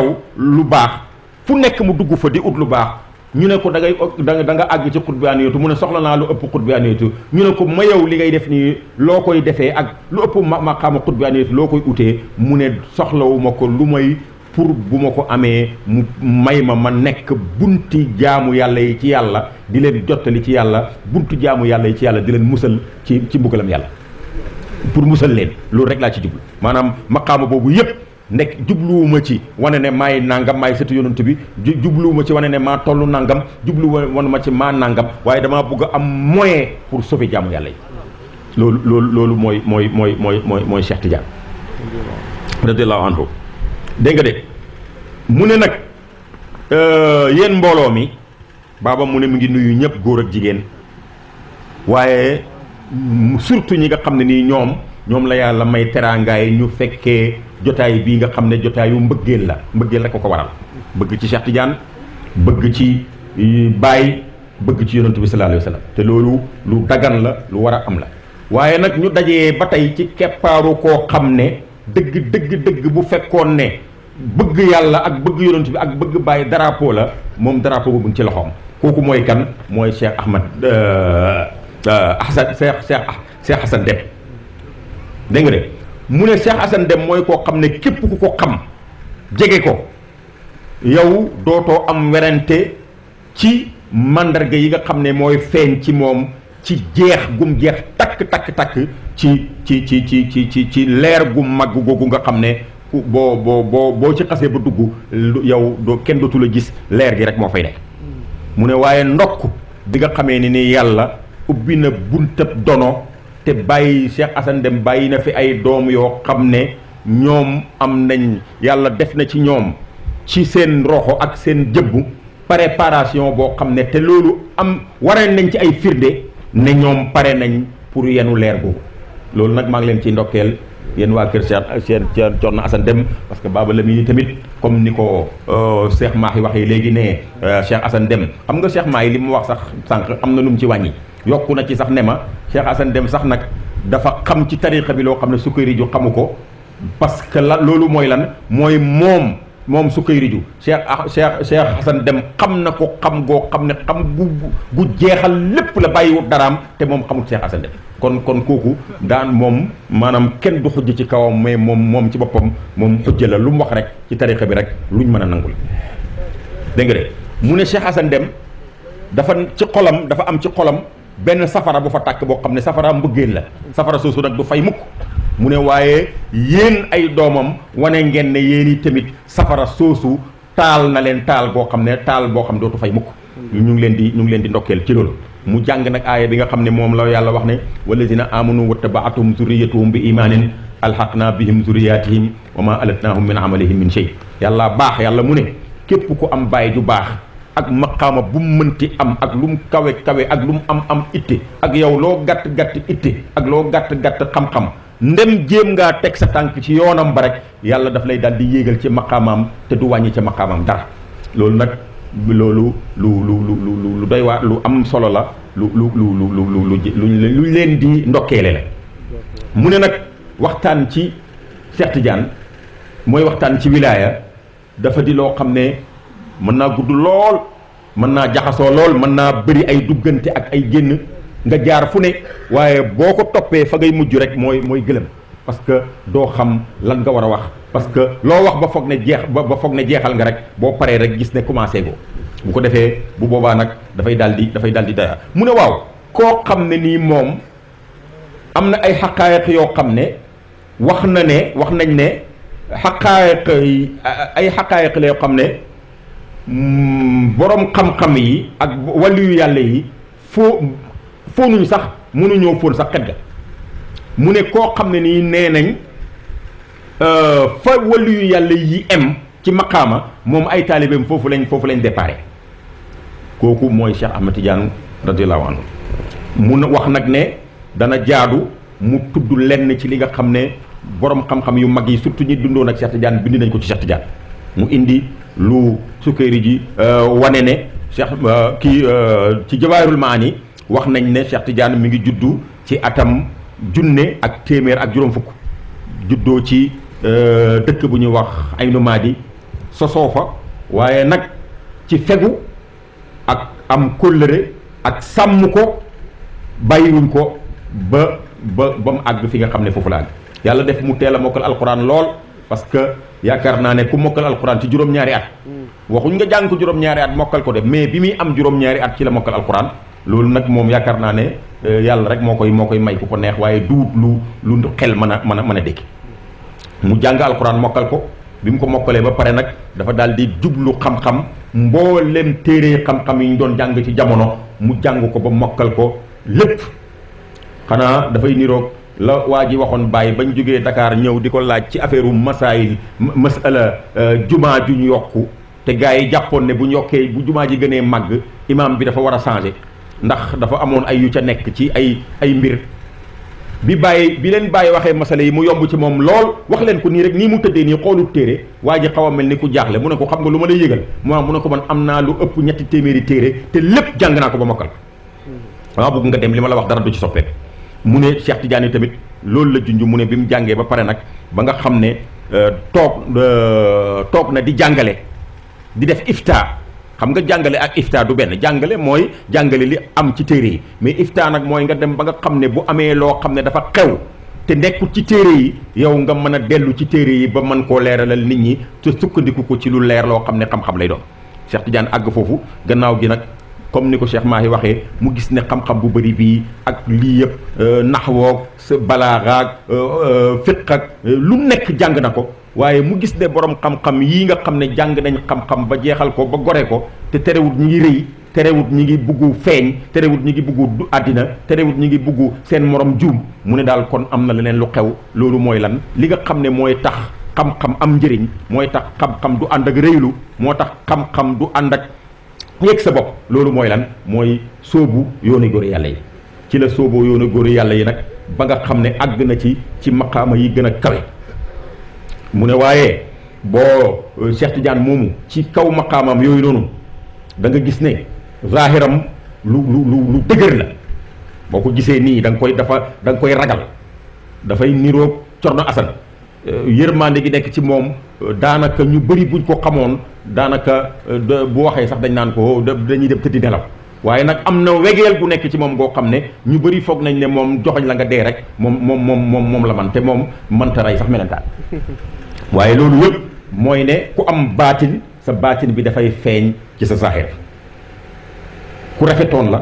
fu nekk mu dugg fa di ut lu baax ñu ne ko da ngay da nga àgg ci xutbaan yootu mu ne soxla naa lu ëpp xutbaan yootu ñu ne ko ma yow li ngay def nii loo koy defee ak lu ëpp ma ma xaama xutbaan yootu loo koy utee mu ne soxlawu ma ko lu may pour bu ma ko amee mu may ma ma nekk bunti jaamu yàlla yi ci yàlla di leen jottali ci yàlla buntu jaamu yàlla yi ci yàlla di leen musal ci ci mbugalam yàlla pour musal leen loolu rek laa ci jublu maanaam maqaama boobu yëpp nekk jubluwuma ci wane ne maay nangam maay sëtu yonent bi jubluwuma ci wane ne maa tollu nangam jubluwa wane ma ci maa nangam waaye damaa bëgg am moyen pour sauver jàmm yàlla yi loolu loolu mooy mooy mooy mooy mooy mooy Cheikh Tidiane radiallahu anhu dégg nga de mu ne nag euh, yéen mbooloo mi baaba mu ne mu ngi nuyu ñëpp góor ak jigéen waaye surtout ñi nga xam ne nii ñoom ñoom la yàlla may teraangaay ñu fekkee jotaay bii nga xam ne jotaayu mbëggeel la mbëggeel rek ko ko waral bëgg ci Cheikh Tidiane bëgg ci bàyyi bëgg ci yonantu bi sallallahu alayhi te loolu lu daggan la lu war a am la waaye nag ñu dajee ba tey ci keppaaru koo xam ne dëgg dëgg dëgg bu fekkoon ne bëgg yàlla ak bëgg yonantu bi ak bëgg bàyyi drapeau la moom drapeau boobu ngi ci loxoom kooku mooy kan mooy Cheikh Ahmad euh, euh, Ahsan Cheikh Cheikh Cheikh Hassan Deme dégg de mu ne Cheikh Assane dem mooy koo xam ne képp ku ko xam jege ko yow dootoo am werante ci mandarga yi nga xam ne mooy feeñ ci moom ci jeex gum jeex takk takk takk ci ci ci ci ci ci ci leer gu mag googu nga xam ne ku boo boo boo boo ci xasee ba dugg yow doo kenn dootul a gis leer gi rek moo fay nekk mm. mu ne waaye ndokk bi nga xamee ni ni yàlla ubbi na buntab dono te bàyyi Cheikh Assane Deme bàyyi na fi ay doom yoo xam ne ñoom am nañ yàlla def na ci ñoom ci seen rooxo ak seen jëbbu préparation boo xam ne te loolu am waree nañ ci ay firnde ne ñoom pare nañ pour yenu leer boobu loolu nag maa ngi leen ci ndokkeel yéen waa kër Cheikh seen Thierno Assane Deme parce que Baba Lamine yi tamit comme ni ko euh, Cheikh Mahi waxee léegi ne euh, Cheikh Assane Deme xam nga Cheikh Mahi li mu wax sax sànq am na lu mu ci wàññi. yokuna ci sax nema Cheikh Assane dem sax nak dafa xam ci tariqa bi lo xamne sukayri pas ju xamuko moylan parce que la loolu mooy lan moy mom mom sukayri ju Cheikh Cheikh Cheikh kam dem xam na ko xam go xam ne xam gu gu jeexal lepp la daram te mom xamul Cheikh dem kon kon koku daan mom manam ken du xujji ci kawam mais mom mom ci bopam mom xujje la lu mu wax rek ci tariqa bi rek luñ meuna nangul rek mune Cheikh dem dafa ci xolam dafa am ci xolam ben safara bu fa tak bo xamne safara mbeugel la safara soso nak du fay mukk mune waye yéen ay domam wone ngeen ne yéen i tamit safara soso tal na len tal boo xamne tal bo xam ne dootu fay mukk ñu ngi len di ñu ngi len di ndokkeel ci loolu mu jàng nak aya bi nga xamne mom la yàlla wax ne walladina amanu wattabaatuhum zurriyatuhum bi imanin alhaqna bihim zurriyatihim wama alatnahum min amalihim min shay yàlla bax yàlla mune kep képp ku am baye ju bax ak maqaama bu mu mënti am ak lu mu kawe kawe ak lu mu am am itte ak yow loo gàtt gàtt itte ak loo gàtt gàtt xam-xam ndem jéem ngaa teg sa tànk ci yoonam ba rek yàlla daf lay daal di yéegal ci maqaamaam te du wàññi ci maqaamaam dara loolu nag loolu lu lu lu lu lu lu am solo la lu lu lu leen di ndokkeele la mu ne nag waxtaan ci Cheikh mooy waxtaan ci wilaaya dafa di loo xam ne mën naa gudd lool mën naa jaxasoo lool mën naa bëri ay duggante ak ay génn nga jaar fu ne waaye boo ko toppee fa ngay mujj rek mooy mooy gëlëm parce que doo xam lan nga war a wax parce que loo wax ba foog ne jeex ba foog ne jeexal nga rek boo paree rek gis ne commencé go bu ko defee bu boobaa nag dafay dal di dafay daal di dara mu ne waaw koo xam ne nii moom am na ay xaqaayiq yoo xam ne wax na ne wax nañ ne xaqaayiq ay xaqaayiq la yoo xam ne Mm, borom xam-xam yi ak yu yàlla yi foo fóonuñu sax mënuñoo fóon sax xet ga mu ne koo xam ne nii nee nañ euh, fa yu yàlla yi m ci makaama moom ay taalibeem foofu lañ foofu lañ déparé kooku mooy Cheikh Ahmed Tidiane radiyallahu anhu mun wax nag ne dana jaadu mu tudd lenn ci li nga xam ne borom xam-xam yu mag yi surtout ñi dundoon ak Cheikh Tidiane bind nañ ko ci Cheikh Tidiane mu indi. lu Sukayri ji euh, wane ne Cheikh euh, kii euh, ci Jawaahirul Maani wax nañ ne Cheikh Tidiane mi ngi juddu ci atam junne ak téeméer ak juróom fukk juddoo ci dëkk bu ñuy wax Aynu Maadi sosoo fa waaye nag ci fegu ak am kóllëre ak sàmm ko bàyyiwuñ ko ba ba ba mu àgg fi nga xam ne foofu la àgg yàlla def mu teel a mokkal alxuraan lool parce que yaakaar naa ne ku mokkal alxuraan ci juróom-ñaari at hmm. waxuñ nga jàng ko juróom-ñaari at mokkal ko de mais bi muy am juróom-ñaari at ci la mokkal alxuraan loolu nag moom yaakaar naa ne euh, yàlla rek moo koy moo koy may ku ko neex waaye duut lu lu xel mën mën a mën a dégg mu jàng alxuraan mokkal ko bi mu ko mokkalee ba pare nag dafa daal di jublu xam-xam mboolem téere xam-xam yi ñu doon jàng ci jamono mu jàng ko ba mokkal ko lépp xanaa dafay niroog la waa ji waxoon bàyyi bañ jógee Dakar ñëw di ko laaj ci affaire u masaayil masala euh, jumaa ju ñu yokku te gaa yi jàppoon ne bu ñu yokkee bu jumaa ji gënee màgg imaam bi dafa war a changé ndax dafa amoon ay yu ca nekk ci ay ay mbir bi bàyyi bi leen bàyyi waxee masala yi mu yomb ci moom lool wax leen ko nii rek nii mu tëddee nii xoolul téere waa ji xaw a mel ni ku jaaxle mu ne ko xam nga lu ma lay yëgal mu ah, mu ne ko man am naa lu ëpp ñetti téeméeri téere te lépp jàng naa ko ba mokkal waaw hmm. bëgg nga dem li ma la wax dara du ci soppeeku mu ne Cheikh Tidiane tamit loolu la junj mu ne bi mu jàngee ba pare nag ba nga xam ne euh, toog euh, toog na di jàngale di def ifta xam nga jàngale ak ifta du benn jàngale mooy jàngale li am ci téere yi mais ifta nag mooy nga dem ba nga xam ne bu amee loo xam ne dafa xew te nekkul ci téere yi yow nga mën a dellu ci téere yi ba mën koo leeralal nit ñi te sukkandiku ko ci lu leer loo xam ne xam-xam lay doon Cheikh Tidiane àgg foofu gannaaw gi nag comme ni ko maa Mahi waxee mu gis ne xam-xam bu bari bii ak lii yëpp euh, naxwoog sa balaaraag euh, euh, fiq ak lu nekk jàng na ko waaye mu gis ne borom xam-xam yii nga xam ne jàng nañ xam-xam ba jeexal ko ba gore ko te terewut ñu ngi rëy terewut ñi ngi buggu feeñ terewut ñi ngi buggu du àddina terewut ñi ngi buggu seen moroom juum mu ne daal kon am na leneen lu xew loolu mooy lan li nga xam ne mooy tax xam-xam am njëriñ mooy tax xam-xam du ànd ak rëylu moo tax xam du ànd ak yëg sa bopp loolu mooy lan mooy sóobu yoonu góor yàlla yi ci la sóoboo yoonu góor yàlla yi nag ba nga xam ne àgg na ci ci maqaama yi gën a kawe mu ne waaye boo euh, Cheikh moomu ci kaw maqaamam yooyu noonu da nga gis ne zahiram lu lu lu dëgër la boo ko gisee nii danga koy dafa danga koy ragal dafay niroog corno asal euh, yërmande gi nekk ci moom euh, daanaka ñu bëri buñ ko xamoon daanaka euh, bu waxee sax dañ naan ko oh, dañuy dem tëddi nelaw waaye nag am na wegeel bu nekk ci moom goo xam ne ñu bëri foog nañ ne moom joxoñ la nga dee rek moom moom moom moom moom la man te moom mënta rey sax melentaan waaye loolu yëpp mooy ne ku am baatin sa baatin bi dafay feeñ ci sa saaxir ku rafetoon la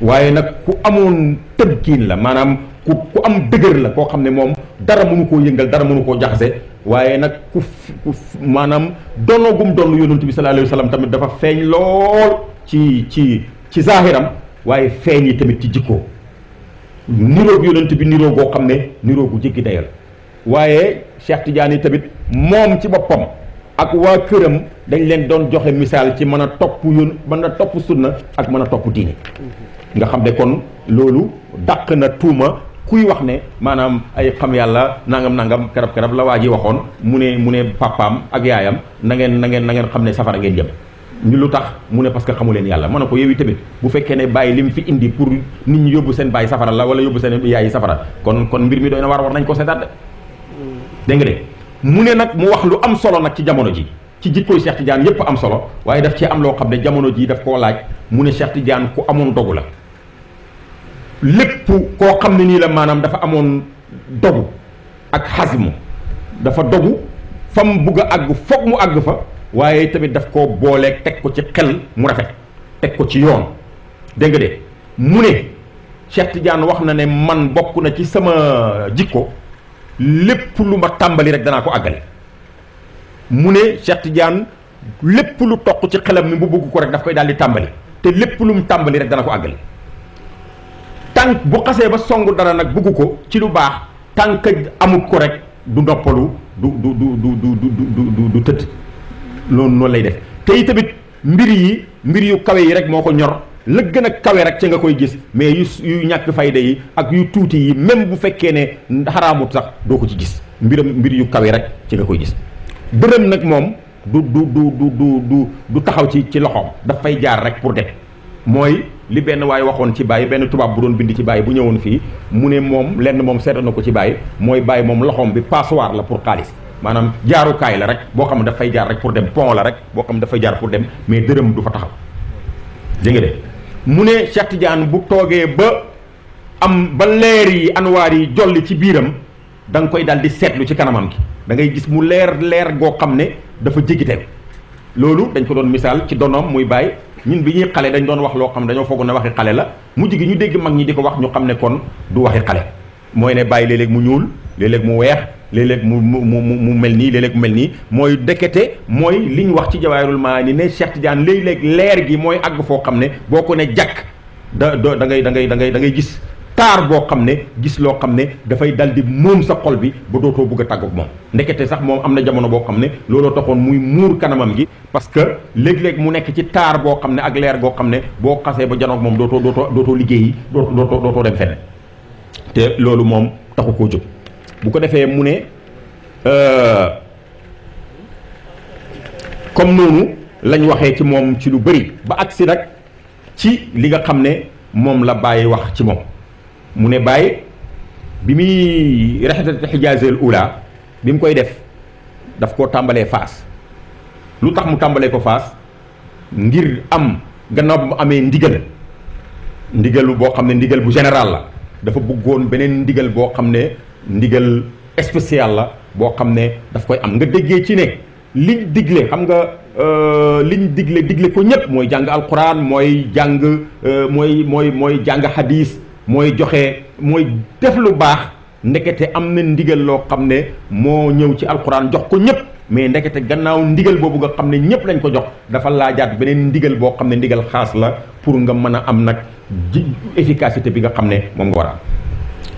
waaye nag ku amoon tëb kiin la maanaam ku ku am dëgër la koo xam ne moom dara mënu koo yëngal dara mënu koo jaxase waaye nag ku maanaam donno gum donn yonent bi sallallahu alayhi tamit dafa feeñ lool ci ci ci zaahiram waaye feeñ yi tamit ci jikkoo niroog yonent bi niroo boo xam ne niroo gu jéggi dayal waaye Cheikh Tidiane yi tamit moom ci boppam ak waa këram dañ leen doon joxe misaal ci mën a topp yoon mën a topp na ak mën a topp diine nga xam ne kon loolu dàq na tuuma kuy wax ne maanaam ay xam yàlla nangam nangam karab karab la waa ji waxoon mu ne mu ne papaam ak yaayam na ngeen na ngeen na ngeen xam ne safara ngeen jëm ñu lu tax mu ne parce que xamu leen yàlla mën ne ko yow tamit bu fekkee ne bàyyi li mu fi indi pour nit ñi yóbbu seen bàyyi safara la wala yóbbu seen yaay safara kon kon mbir mi doy na war war nañ ko seetaat de dégg mu ne nag mu wax lu am solo nag ci jamono ji ci jikkooy Cheikh Tidiane yépp am solo waaye daf ci am loo xam ne jamono ji daf koo laaj mu ne Cheikh Tidiane ku amoon dogu la lépp koo xam ne nii la maanaam dafa amoon dogu ak xasmu dafa dogu fa mu bugg a àgg foog mu àgg fa waaye tamit daf koo booleeg teg ko ci xel mu rafet teg ko ci yoon dégg de mu ne Cheikh Tidiane wax na ne man bokk na ci sama jikko lépp lu ma tàmbali rek danaa ko àggale mu ne Cheikh Tidiane lépp lu toq ci xelam mi bu bugg ko rek daf koy daal di tàmbali te lépp lu mu tàmbali rek dana ko àggale tànk bu xasee ba songu dara nag buggu ko ci lu baax tànk amut ko rek du noppalu du du du du tëdd loolu noonu lay def te yi tamit mbir yi mbir yu kawe yi rek moo ko ñor la nag a kawe rek ci nga koy gis mais yu yu ñàkk fayda yi ak yu tuuti yi même bu fekkee ne xaraamut sax doo ko ci gis mbiram mbir yu kawe rek ci nga koy gis dërëm nag moom du du du du du du taxaw ci ci loxoom daf jaar rek pour dem mooy li benn waay waxoon ci bàyyi benn tubaab bu doon bind ci bàyyi bu ñëwoon fii mu ne moom lenn moom seeta na ko ci bàyyi mooy bàyyi moom loxoom bi passoire la pour xaalis maanaam jaarukaay la rek boo xam ne dafay jaar rek pour dem pont la rek boo xam ne dafay jaar pour dem mais dërëm du fa taxaw dégg nga de mu ne bu toogee ba am ba leer yi anwaar yi jolli ci biiram da koy daal di seetlu ci kanamam gi da gis mu leer leer goo xam ne dafa jéggi loolu dañ ko doon misaal ci donoom muy bàyyi ñun bi ñuy xale dañ doon wax loo xam dañoo foog ne waxi xale la mujj gi ñu dégg mag ñi di ko wax ñu xam ne kon du waxi xale mooy ne bàyyi léeg-léeg mu ñuul léeg-léeg mu weex léeg-léeg mu mu mu mu mel nii léeg-léeg mel nii mooy dëkkate mooy li ñu wax ci jawaayirul maani ne Cheikh Tidiane léeg-léeg leer gi mooy àgg foo xam ne boo ko ne jàkk da da ngay da ngay da ngay da ngay gis tar bo xam gis lo xam da fay daldi mom sa xol bi bu doto bëgg a tàggoog moom ndekete sax mom amna na jamono boo xam ne looloo muy mur kanamam gi parce que léeg-léeg mu nek ci tar bo xam ak leer go xam bo xasse ba janoog mom doto doto doto liggéeyi doto doto doto dem fenn te lolu mom taxu koo jóg bu ko defee mu ne euh, comme nonu lañ waxé ci mom ci lu bëri ba aksi nag ci li nga xam mom la bàyyi wax ci mom mu ne bàyyi bi muy rexetat xijaaseel ula bi mu koy def daf koo tàmbalee faas lu tax mu tàmbalee ko faas ngir am gannaaw bu amee ndigal ndigalu boo xam ne ndigal bu général la dafa bëggoon beneen ndigal boo xam ne ndigal spécial la boo xam ne daf koy am nga déggee ci ne liñ digle xam nga euh, liñ digle digle ko ñëpp mooy jàng alquran mooy jàng euh, mooy mooy mooy jàng hadis mooy joxe mooy def lu baax ndekete am na ndigal loo xam ne moo ñëw ci alxuraan jox ko ñëpp mais ndekete gannaaw ndigal boobu nga xam ne ñëpp lañ ko jox dafa laajaat beneen ndigal boo xam ne ndigal xaas la pour nga mën a am nag ji efficacité bi nga xam ne moom nga war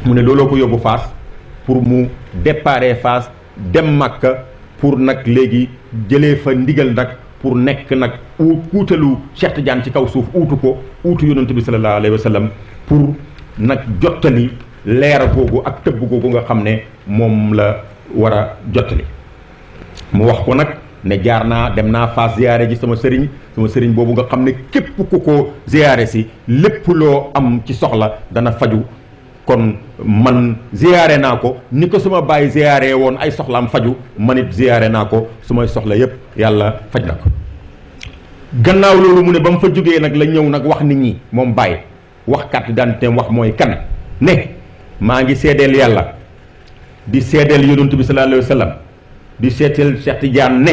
mu ne looloo ko yóbbu Faas pour mu dépare Faas dem Màkka pour nag léegi jëlee fa ndigal nag pour nekk nag uutalu Cheikh Tidiane ci kaw suuf uutu ko uutu yonent bi sallallahu alayhi wa sallam pour nag jottali leer googu ak tëbb googu nga xam ne moom la war a jottali mu wax ko nag ne jaar naa dem naa fas ziyaare ji sama sëriñ sama sëriñ boobu nga xam ne képp ku ko ziyaare si lépp loo am ci soxla dana faju kon man ziyaare naa ko ni ko suma bàyyi ziyaare woon ay soxlaam faju man ziyaare naa ko sumay soxla yépp yàlla faj na ko gannaaw loolu mu ne ba mu fa jógee nag la ñëw nag wax nit ñi moom bàyyi wax carte d'identité wax mooy kan ne maa ngi seedeel yàlla di seedeel yonent bi sallallahu di seedeel Cheikh Tidiane ne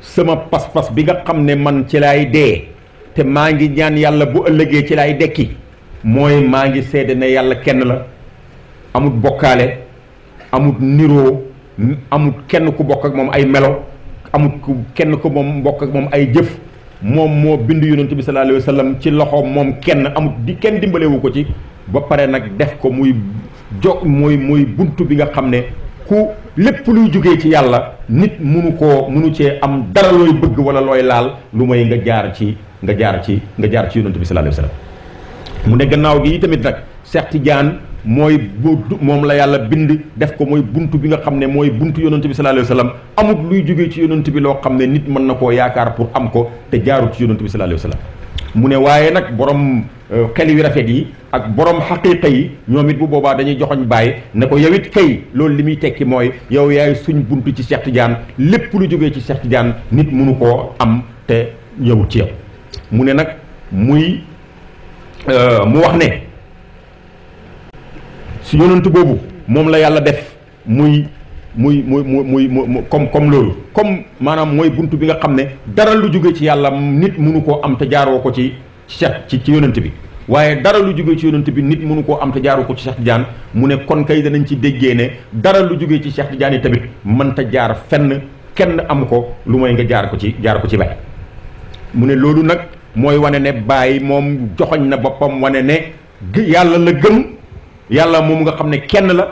sama pas-pas bi nga xam ne man ci lay dee te maa ngi ñaan yàlla bu ëllëgee ci laay dekki mooy maa ngi seede ne yàlla kenn la amut bokkaale amut niroo amut kenn ku bokk ak moom ay melo amut ku kenn ku moom bokk ak moom ay jëf moom moo bind yonent bi sallallahu alayhi wa sallam ci loxo moom kenn amut di kenn dimbalewu ko ci ba pare nag def ko muy jo muy muy bunt bi nga xam ne ku lépp luy jóge ci yàlla nit munu koo munu cee am dara looy bëgg wala looy laal lu may nga jaar ci nga jaar ci nga jaar ci yonent bi sallallahu alayhi mu ne gannaaw gi tamit nag Cheikh Tidiane mooy bu moom la yàlla bind def ko mooy bunt bi nga xam ne mooy bunt yonent bi sallallahu alayhi wa sallam amut luy jógee ci yonent bi loo xam ne nit mën na koo yaakaar pour am ko te jaarut ci yonent bi sallallahu alayhi wa mu ne waaye nag borom euh, xel yu rafet yi ak borom xaqiqa yi ñoom it bu boobaa dañuy joxoñ bàyyi ne ko yow it kay loolu li muy tekki mooy yow yaay suñ bunt ci Cheikh Tidiane lépp lu jógee ci Cheikh Tidiane nit mënu koo am te ñëwut ci yow mu ne nag muy euh, mu wax ne si yonent boobu moom la yàlla def muy muy muy muy muy comme comme loolu comme maanaam mooy bunt bi nga xam ne dara lu jóge ci yàlla nit mënu koo am te jaaroo ko ci Cheikh ci ci yonent bi waaye dara lu jóge ci yonent bi nit mënu koo am te jaaroo ko ci Cheikh Tidiane mu ne kon kay danañ ci déggee ne dara lu jóge ci Cheikh Tidiane yi tamit mënta jaar fenn kenn am ko lu mooy nga jaar ko ci jaar ko ci bay mu ne loolu nag mooy wane ne bàyyi moom joxoñ na boppam wane ne yàlla la gëm yàlla moom nga xam ne kenn la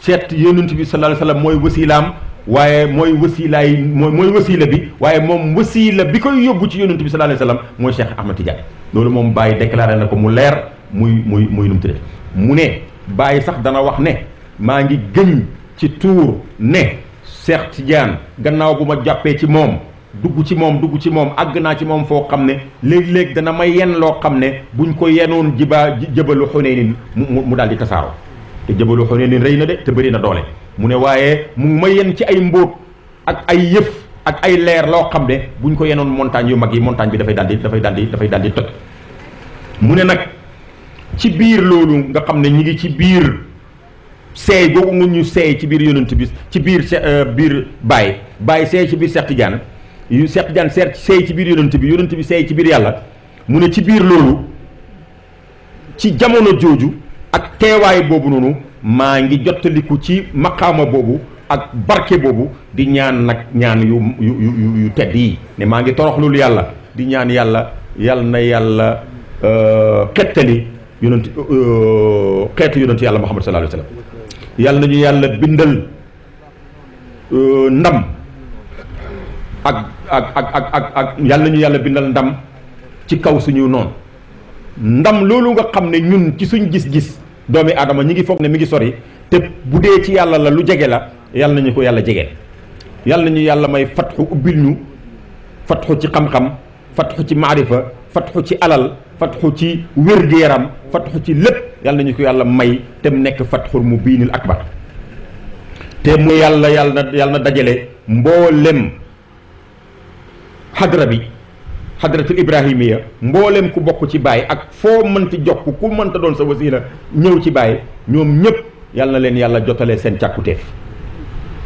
seet yonent bi sallallahu alayhi wa sallam mooy wasiilaam waaye mooy wasiilaay mooy mooy wasiila bi waaye moom wasiila bi koy yóbbu ci yonent bi sallallahu alayhi wa mooy seex Ahmad Tidiane loolu moom bàyyi déclaré na ko mu leer muy muy muy nu mu mu ne bàyyi sax dana wax ne maa ngi gëñ ci tuur ne Cheikh Tidiane gannaaw bu ma jàppee ci moom. dugg ci moom dugg ci moom àgg naa ci moom foo xam ne léeg-léeg dana may yenn loo xam ne buñ ko yenoon jibaa jëbalu Xunayn mu mu daal di tasaaroo te jëbalu Xunayn rëy na de te bëri na doole mu ne waaye mu may yen ci ay mbóot ak ay yëf ak ay leer loo xam ne buñ ko yenoon montagne yu mag yi montagne bi dafay daal dafay daal di dafay daal di toj mu ne nag ci biir loolu nga xam ne ñi ngi ci biir seey googu nga ñu seey ci biir yonent bi ci biir euh, biir Baye Baye seey ci biir Cheikh Tidiane yu Cheikh Tidiane seet seey ci biir yonent bi yonent bi seey ci biir yàlla mu ne ci biir loolu ci jamono jooju ak teewaay boobu noonu maa ngi jottaliku ci maqaama boobu ak barke boobu di ñaan nag ñaan yu yu yu yu tedd yi ne maa ngi torox loolu yàlla di ñaan yàlla yàlla na yàlla xettali euh, yonent euh, xeetu yonent yàlla Muhammad sallallahu alayhi wa sallam yàlla nañu yàlla bindal euh, ndam ak ak ak ak ak ak yàlla ñu yàlla bindal ndam ci kaw suñu noonu ndam loolu nga xam ne ñun ci suñ gis-gis doomi aadama ñi ngi foog ne mi ngi sori te bu dee ci yàlla la lu jege la yàlla nañu ko yàlla jege yàlla nañu yàlla may fatxu ubbil ñu fatxu ci xam-xam fatxu ci maarifa fatxu ci alal fatxu ci wér gu ci lépp yàlla nañu ko yàlla may te mu nekk fatxul mu biinil akbar te mu yàlla yàlla na yàlla na dajale mboolem xadra bi xadratul ibrahimiya mbooleem ku bokk ci bàyyi ak foo mënti jokk ku mënta doon sa wasila ñëw ci bàyyi ñoom ñëpp yàlla na leen yàlla jotale seen càkkutéef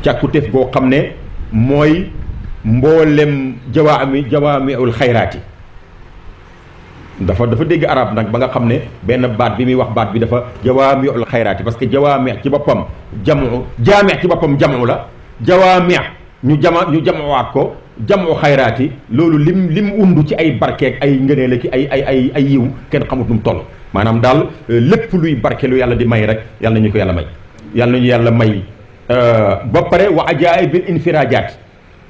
càkkutéef goo xam ne mooy mboolem jawaami jawaamiul xayraati dafa dafa dégg arab nag ba nga xam ne benn baat bi muy wax baat bi dafa jawaamiul xayraati parce que jawaami ci boppam jamu jaami ci boppam jamu la jawaami ñu jama ñu jamawaat ko jamoo xayraati loolu lim lim wundu ci ay barke ay ngëneel ak ay ay ay ay yiw kenn xamut nu mu toll maanaam daal euh, lépp luy barke lu yàlla di may rek yàlla ñu ko yàlla may yàlla nañu yàlla may euh, ba pare wa ajaay bil infirajaat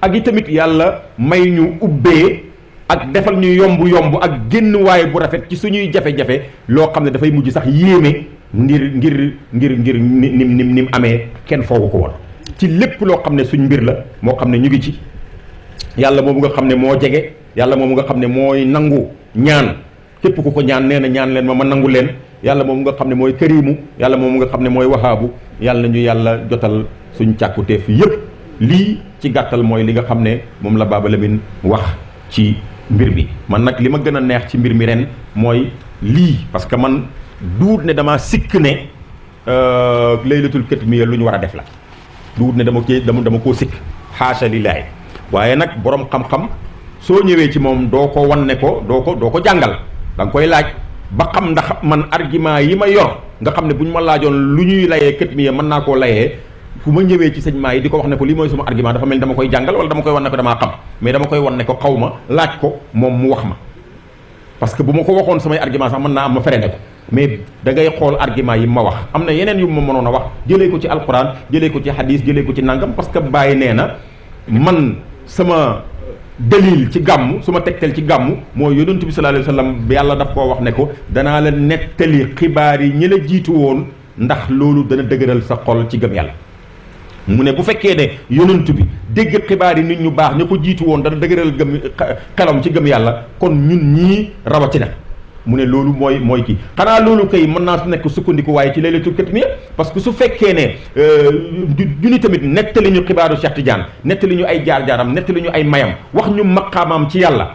ak i tamit yàlla may ñu ubbee ak defal ñu yomb yomb ak génn waaye bu rafet ci suñuy jafe-jafe loo xam ne dafay mujj sax yéeme ngir ngir ngir ngir nim nim nim amee kenn foogu ko woon ci lépp loo xam ne suñ mbir la moo xam ne ñu ngi ci yàlla moom nga xam ne moo jege yàlla moom nga xam ne mooy nangu ñaan képp ku ko ñaan nee na ñaan leen ma ma nangu leen yàlla moom nga xam ne mooy këriimu yàlla moomu nga xam ne mooy wahaabu yàlla nañu yàlla jotal suñ càkkuteef yëpp lii ci gàttal mooy li nga xam ne moom la Baba Lamine wax ci mbir mi man nag li ma gën a neex ci mbir mi ren mooy lii parce que man duut ne damaa sikk ne euh, laylatul katmiya lu ñu war a def la duut ne dama cee dama dama koo sikk xaasa lillaahi waaye nag borom xam-xam soo ñëwee ci moom doo ko wan ne ko doo ko doo ko jàngal danga koy laaj ba xam ndax man argument yi ma yor nga xam ne bu ñu ma laajoon lu ñuy layee kët mi mën naa koo layee fu ma ñëwee ci sëñ maa yi di ko wax ne ko lii mooy suma argument dafa mel ni dama koy jàngal wala dama koy wan ne ko damaa xam mais dama koy wan ne ko xaw ma laaj ko moom mu wax ma parce que bu ma ko waxoon samay argument sax mën naa am ma fere ne ko mais xool argument yi ma wax am na yeneen yu ma mënoon a wax jëlee ko ci alquran jëlee ko ci hadis jëlee ko ci nangam parce que bàyyi nee na man sama dalil ci gàmm su ma tegtal ci gàmm moo yonent bi sa alayhi wa yàlla daf koo wax ne ko danaa la nettali xibaar yi ñi la jiitu woon ndax loolu dana dëgëral sa xol ci gëm yàlla mu ne bu fekkee ne yonent bi dégg xibaar yi nit ñu baax ñu ko jiitu woon dana dëgëral gëm xelam ci gëm yàlla kon ñun ñii rawatina. mu ne loolu mooy mooy kii xanaa loolu kay mën naa su nekk sukkandiku waaye ci laylatul katmiya parce que su fekkee ne euh, du ni tamit nettali ñu xibaaru Cheikh Tidiane nettali ñu ay jaar-jaaram nettali ñu ay mayam wax ñu maqaamaam ci yàlla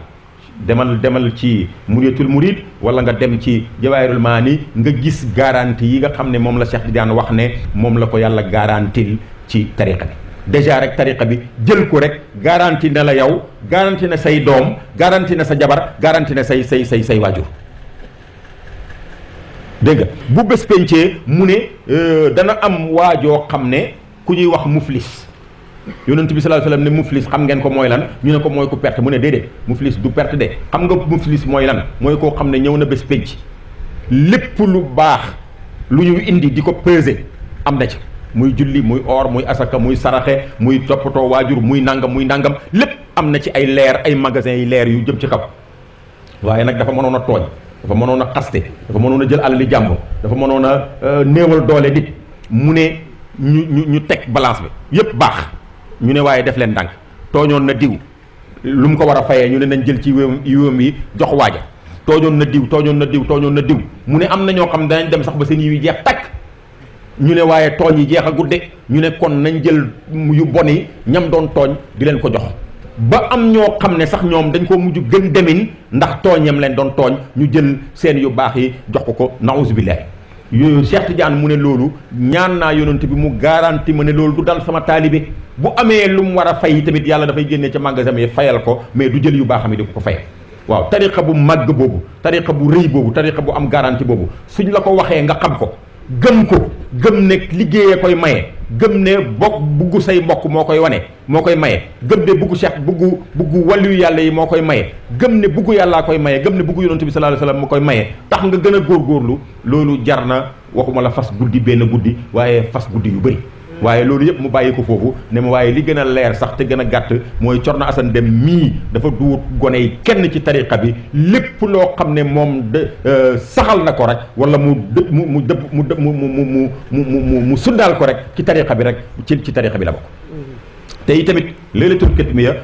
demal demal ci muriyatul murid wala nga dem ci jawaayirul ni nga gis garanti yi nga xam ne moom la Cheikh Tidiane wax ne moom la ko yàlla garantil ci tariqa bi déjà rek tariqa bi jël ko rek garanti na la yow garanti na say doom garanti na sa jabar garanti na say say say say waajur dégg nga bu bés pencee mu ne euh, dana am waajoo xam ne ku ñuy wax muflis yonent bi sallallahu alayhi wasallam ne muflis xam ngeen ko mooy lan ñu ne ko mooy ku perte mu ne déedéet muflis du perte de xam nga muflis mooy lan mooy koo xam ne ñëw na bés penc lépp lu baax lu ñu indi di ko peser am na ci muy julli muy or muy asaka muy saraxe muy toppatoo waajur muy nangam muy nangam lépp am na ci ay leer ay magasins yi leer yu jëm ci kaw waaye nag dafa mënoon a tooñ dafa mënoon a xaste dafa mënoon a jël alali jàmbur dafa mënoon a euh, néewal doole nit mu ne ñu ñu ñu teg balance bi yëpp baax ñu ne waaye def leen ndànk tooñoon na diw lu mu ko war a fayee ñu ne nañ jël ci yiwam yi jox waaja tooñoon na diw tooñoon na diw tooñoon na diw mu ne am na ñoo xam danañ dem sax ba seen yiw yi jeex takk ñu ne waaye tooñ yi jeex a gudde ñu ne kon nañ jël yu bon yi ñam doon tooñ di leen ko jox ba am ñoo xam ne sax ñoom dañ koo mujj gën demin ndax tooñam leen doon tooñ ñu jël seen yu baax yi jox ko ko naus billahi yooyu Cheikh Tidiane mu ne loolu ñaan naa yonent bi mu garanti ma ne loolu du dal sama taalibe bu amee lu mu war a fay tamit yàlla dafay génnee ca magasin yi fayal ko mais du jël yu baax mi di ko fayal waaw tariqa bu màgg boobu tariqa bu rëy boobu tariqa bu am garanti boobu suñ la ko waxee nga xam ko gëm ko gëm ne liggéeyee koy maye. gëm ne bokk buggu say mbokk moo koy wane moo koy maye gëm ne buggu cheikh buggu buggu wàllu yàlla yi moo koy maye gëm ne buggu yàllaa koy maye gëm ne buggu yonent bi sallallahu sa wasallam moo koy maye tax nga gën a góorlu loolu jar na waxuma la fas guddi benn guddi waaye fas guddi yu bëri waaye loolu yëpp mu bàyyi ko foofu ne ma waaye li gën a leer sax te gën a gàtt mooy Thierno Assane Dème mii dafa duut gone kenn ci tariqa bi lépp loo xam ne moom de euh, saxal na ko rek wala mu mu mu dëpp mu mu mu mu mu mu mu sundaal ko rek ci tariqa bi rek ci ci tariqa bi la bokk. Mm-hmm. te i tamit laylatul katmiya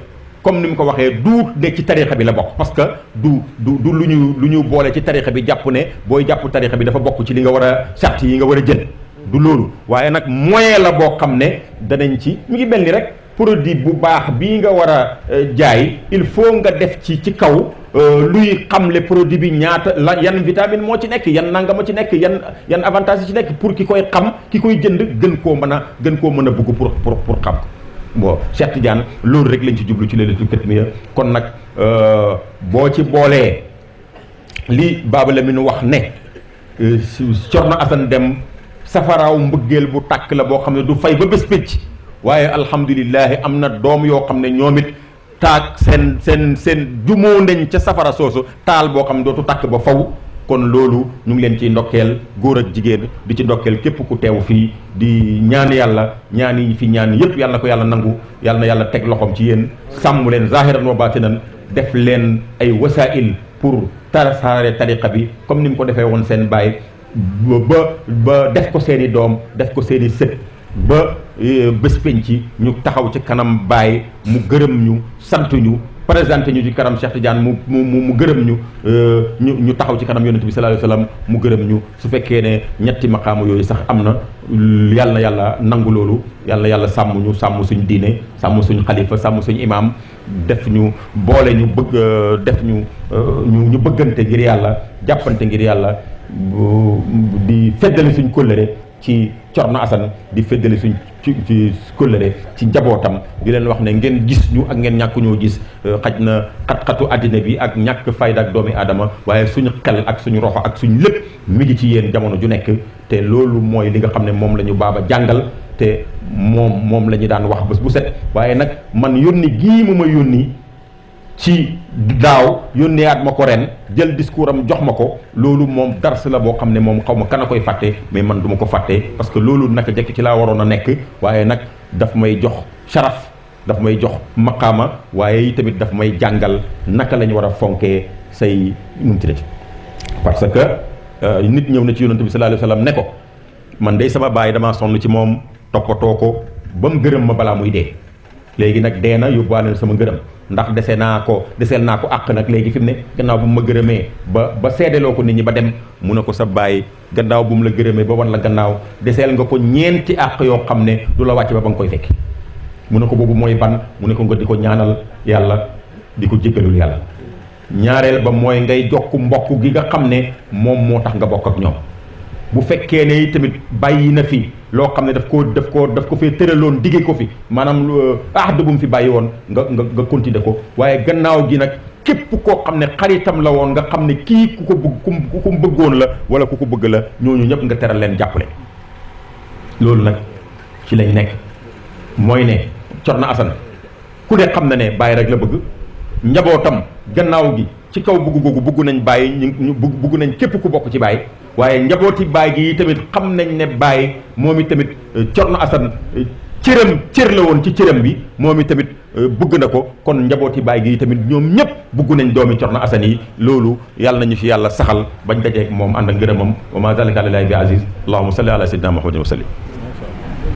comme ni mu ko waxee du ne ci tarixa bi la bokk parce que du du du lu ñu lu ñu boole ci tarixa bi jàpp ne booy jàpp tarixa bi dafa bokk ci li nga war a sart yi nga war a jël du loolu waaye nag moyen la boo xam ne danañ ci mu ngi mel ni rek produit bu baax bii nga war a euh, jaay il faut nga def ci ci kaw euh, luy xamle produit bi ñaata la yan vitamine moo ci nekk yan nanga moo ci nekk yan yan avantage yi ci nekk pour ki koy xam ki koy jënd gën koo mën a gën koo mën a bëgg pour pour pour xam bon Cheikh Tidiane loolu rek lañ ci jublu ci Laylatul Katmiya kon nag euh, boo ci boolee li Baba Lamine wax ne Thierno Assane dem safaraaw mbëggeel bu tàkk la boo xam ne du fay ba bés pécc waaye alhamdulilahi am na doom yoo xam ne ñoom it taak seen seen seen jumoo nañ ca safara soosu taal boo xam ne dootu tàkk ba faw kon loolu ñu ngi leen ciy ndokkeel góor ak jigéen di ci ndokkeel képp ku teew fii di ñaan yàlla ñaan yi fi ñaan yëpp yàlla na ko yàlla nangu yàlla yàlla teg loxoom ci yéen sàmm leen zahiran wa baatinan def leen ay wasaa'il pour tasaare tariqa bi comme ni mu ko defee woon seen baay ba ba def ko seeni doom def ko seeni sët ba e, bés penc ñu taxaw ci kanam baay mu gërëm ñu sant ñu présenté ñu ci kanam Cheikh Tidiane mu mu mu gërëm ñu e, ñu ñu taxaw ci kanam yonent bi sallallahu alayhi wasallam mu gërëm su fekkee ne ñetti maqaamu yooyu sax am na yàlla na yàlla nangu loolu yàlla na yàlla sàmm ñu sàmm suñ diine sàmm suñ xalifa sàmm suñu imaam def ñu boole ñu bëgg def ñu e, ñu ñu bëggante ngir yàlla jàppante ngir yàlla di feddali suñ kóllëre ci Corno asan di feddali suñ ci ci kóllëre ci njabootam di leen wax ne ngeen gis ñu ak ngeen ñàkk ñoo gis euh, xaj na xat-xatu àddina bi ak ñàkk fayda ak doomi aadama waaye suñu xel ak suñu roxo ak suñ lépp mi ngi ci yéen jamono ju nekk te loolu mooy li nga xam ne moom la ñu baaba jàngal te moom moom la ñu daan wax bés bu set waaye nag man yónni gii mu ma yónni ci daaw yónnee yónneeyaat ma ko ren jël discours am jox ma ko loolu moom dars la boo xam ne moom xaw ma kan a koy fàtte mais man duma ko fàtte parce que loolu naka jekk ci laa waroon a nekk waaye nag dafa may jox sharaf dafa may jox maqaama waaye tamit daf may jàngal naka la ñu war a fonkee say nu ci tuddati parce que euh, nit ñëw na ci yonent bi sallallahu alayhi ne ko man dey sama baay damaa sonn ci moom toppatoo ko ba mu gërëm ma balaa muy dee léegi nag dee na yóbbaale sama ngërëm ndax dese naa ko deseel naa ko àq nag léegi fi ne gannaaw bu mu ma gërëmee ba ba seddaloo ko nit ñi ba dem mu ne ko sa bàyyi gannaaw bu mu la gërëmee ba wan la gannaaw deseel nga ko ñeenti àq yoo xam ne du la wàcc ba ba nga koy fekke mu ne ko boobu mooy ban mu ne ko nga di ko ñaanal yàlla di ko jéggalul yàlla ñaareel ba mooy ngay jokk mbokk gi nga xam ne moom moo tax nga bokk ak ñoom bu fekkee ne tamit bàyyi na fi loo xam ne daf ko daf koo daf ko fee tëraloon diggee ko fi maanaam euh, ahd bu fi bàyyi woon nga nga nga continuer ko waaye gannaaw gi nag képp koo xam ne xaritam la woon nga xam ne kii ku ko bëgg ku ko bëggoon la wala ku ko bëgg la ñooñu ñëpp nga teral leen jàppale loolu nag ci lay nekk mooy ne Corna Assane ku ne xam na ne bàyyi rek la bëgg njabootam gannaaw gi ci kaw bugg googu bugg nañ bàyyi ñu bugg nañ képp ku bokk ci bàyyi waaye njabooti bàyyi gi tamit xam nañ ne bàyyi moom i tamit Cerno euh, Asan euh, cëram cër la woon ci cëram bi moom i tamit euh, bëgg na ko kon njabooti bàyyi gi tamit ñoom ñëpp bugg nañ doomi Cerno Asan yi loolu yàlla nañu fi yàlla saxal bañ dajeek moom ànd ak ngërëmam wa ma zalika alalahi bi aziz allahuma salli ala sayyidina muhammadin wa sallim